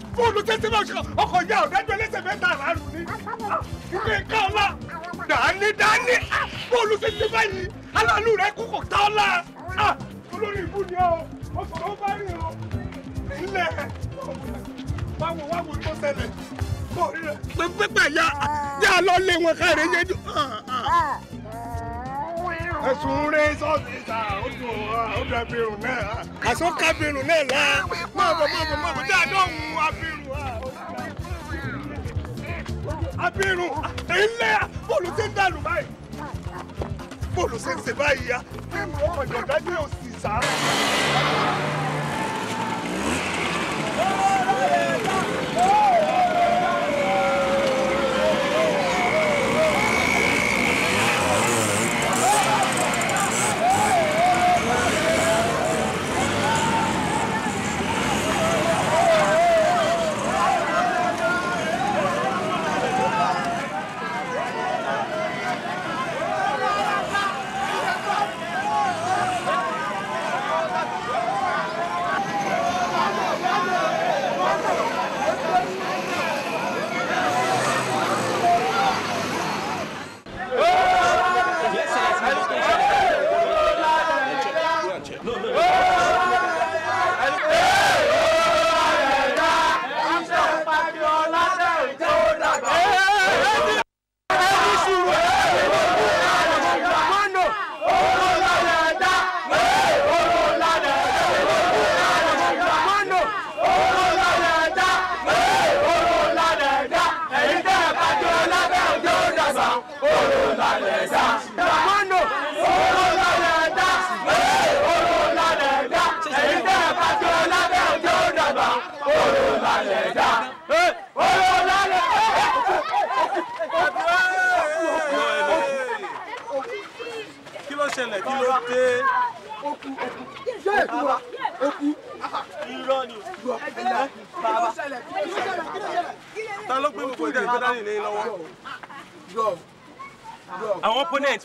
fóònù tẹ́tí náà ṣe ọkọ̀ ìyá ọ̀dájú ẹlẹ́sẹ̀ mẹ́ta àrùn ni ìgbẹ́ nǹkan ọ̀la dání dání fóònù tẹ́tí báyìí aláàánú rẹ kú kò tá ọ̀la olórí ìbú ni ọ ọkọ̀ ó bá rìn ọ nílẹ̀ báwo wáwo tó ṣẹlẹ̀ kó rí rẹ. pé ya ya lọ lé wọn káre yẹn jù ẹ̀sùn rẹ̀ sọ́ọ̀sì ìta ó dùn abirùn náà. àsán kábirùn náà la máa bọ̀ máa bọ̀ máa bọ̀ dáadọ́ òun abirùn wa. abirùn ilé bọ́ọ̀lù ti ń dàlù báyìí bọ́ọ̀lù ṣe ń ṣe báyìí ya kí ni ọkọ̀ ìjọ̀dájú yóò sì sá. Oh!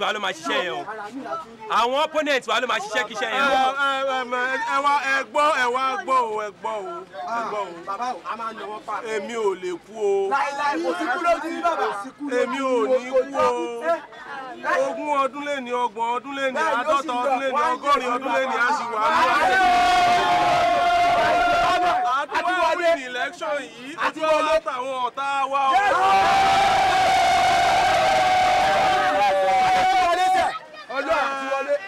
wa ló máa ṣiṣẹ́ yẹn o àwọn opponent wa ló máa ṣiṣẹ́ kíṣẹ́ yẹn o. ẹ wá ẹ gbọ́ ẹ wá gbọ́ o ẹ gbọ́ o ẹ gbọ́ o. bàbá o èmi ò lè kú o. èmi ò ní kú o. ogún ọdún lé ní ọgbọ̀n ọdún lé ní àádọ́ta ọdún lé ní ọgọ́rin ọdún lé ní àṣìwà. àdúrà wí ní yìí àdúrà látàwọn ọ̀tá wa o.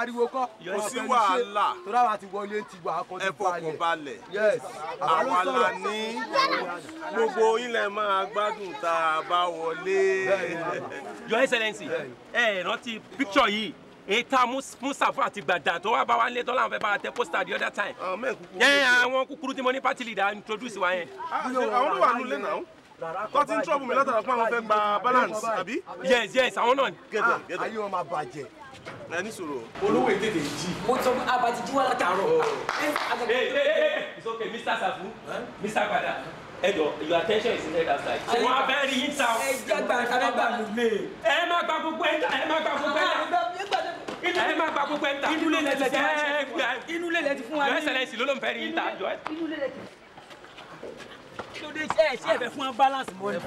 ariwo kọ́ kò wàhálà tọ́lá wa ti wọlé ti wà kọ́ ti balẹ̀ ẹ fọkàn balẹ̀ àwa la ní gbogbo ilẹ̀ máa gbádùn tá a bá wọlé. your excellency ẹ ẹ rántí picture yìí ètò musafu àti gbàdà tó wá bá wa lé tọ́lá àwọn fẹ́ bá tẹ pósítà the other time. yẹ́n àwọn kúkúrú tí mo ní party leader introduce wa yẹn. Ah, ah, àwọn ló wà nílé náà tó ti ń trouble mi látara pé àwọn fẹ́ gba balance àbí. yes yes àwọn náà. gẹ́gẹ́ ah, gẹ́gẹ́ ayé wọn máa bàjẹ́ na ní sòrò. olówó ètètè jí. mo sọ pé abati jí wà látàárọ̀. Oh. it's okay mr safu mr padà ẹjọ your attention is needed outside. wọn á fẹ́ rí yín ta o. ẹ jẹ́ gbà ẹ gbà mí ẹ má gba gbogbo ẹ ta ẹ má gba gbogbo ah, ẹ ta ẹ má gba gbogbo ẹ ta inú lè lẹ fún wa inú lè lẹ fún wa jọ ẹsẹ lẹ ló ló ń fẹ́ rí yín ta jọ inú lè lẹ ti kí ṣe ẹ ṣe fún balance mọ ẹ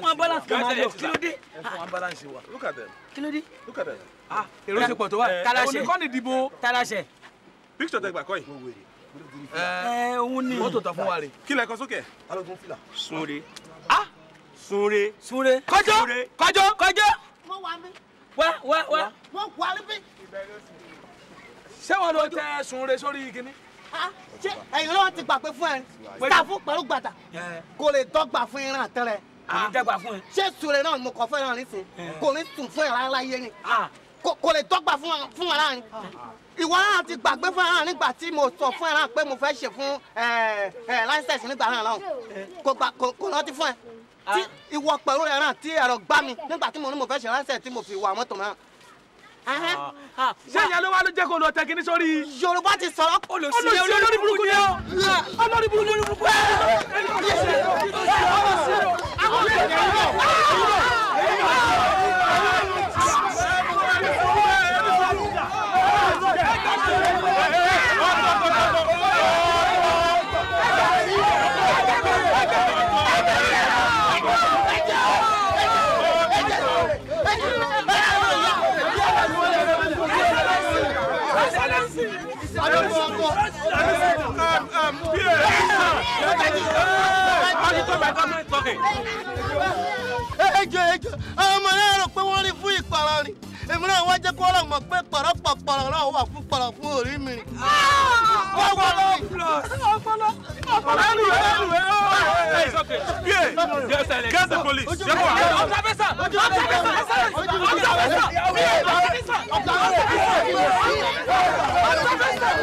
fún balance mọ ẹ look at them. kí look at them ah èrò ṣe pọ̀ tó wà kalaṣẹ oníkọ́ ni dìbò kalaṣẹ. píkítọ̀ tẹ gbà kọ́ yìí. ẹ òun ni mọ́tò tán fún wa rè. kí lẹ kọ sókè. sunre. ah sunre. sunre. kọjọ kọjọ kọjọ. wọ́n wá mi. wá wá wá. wọ́n wá mi. ṣé wọn ló tẹ sunre sórí kínní ṣé ẹ̀yin lọ́wọ́ ti gbà pé fún ẹ tàfún pẹ̀lú gbàtà kò lè dọ́gba fún iran àtẹrẹ. kò ní dẹ́gba fún ẹ. ṣé sùrẹ̀ náà mo kọ̀ fẹ́ràn nísìnyí kò ní sùn fún ẹ̀ rárá yé ni. Ah kò lè dọ́gba fún ara rìn ìwọ náà ti gbàgbé fún ara nígbà tí mo sọ fún ara pé mo fẹ́ ṣe fún láńsẹ̀sì nígbà náà lọ́hùn kò rántí fún ẹ tí ìwọ pẹ̀lú rẹ̀ náà tí ẹ̀rọ gbá mi nígbà tí mo ní mo fẹ́ ṣe láńsẹ̀sì tí mo fi wà mọ́tò náà ṣé ìyẹn ló wá ló jẹ́ kó lọ tẹkí ní sórí. yorùbá ti sọ̀rọ̀ olùsílẹ̀ olórí burúkú ni ó olórí burúkú ni ó. ejò ejò ọmọ náà rò pé wọ́n rí fún ìpàrọ̀ ni èmi náà wá jẹ́ kó ọ̀rọ̀ mọ̀ pé pọ̀rọ̀ pọ̀ pọ̀rọ̀ náà wà fún pọ̀rọ̀ fún orí mi ni ọpọlọ ọpọlọ ọpọlọ ẹlùwẹ ẹlùwẹ ọpọlọ. get the police. ọ̀tàfẹ́sà ọ̀tàfẹ́sà ọ̀tàfẹ́sà bíyè ọ̀tàfẹ́sà ọ̀tàfẹ́sà ọ̀tàfẹ́sà.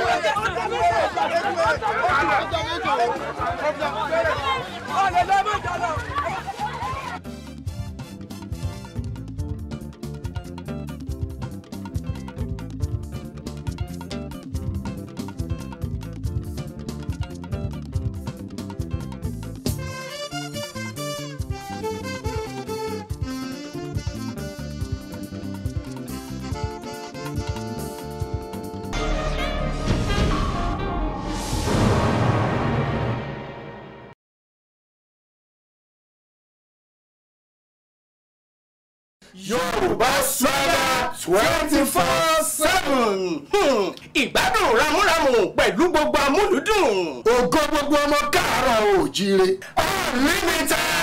ọ̀lẹ́dẹ́gbẹ̀dẹ̀ lọ. yorùbá sọ́dá twenty four seven hmm. ìgbádùn ramúramù pẹ̀lú gbogbo amúlùdùn ògo gbogbo ọmọ káàárọ̀ oòjíire unlimited.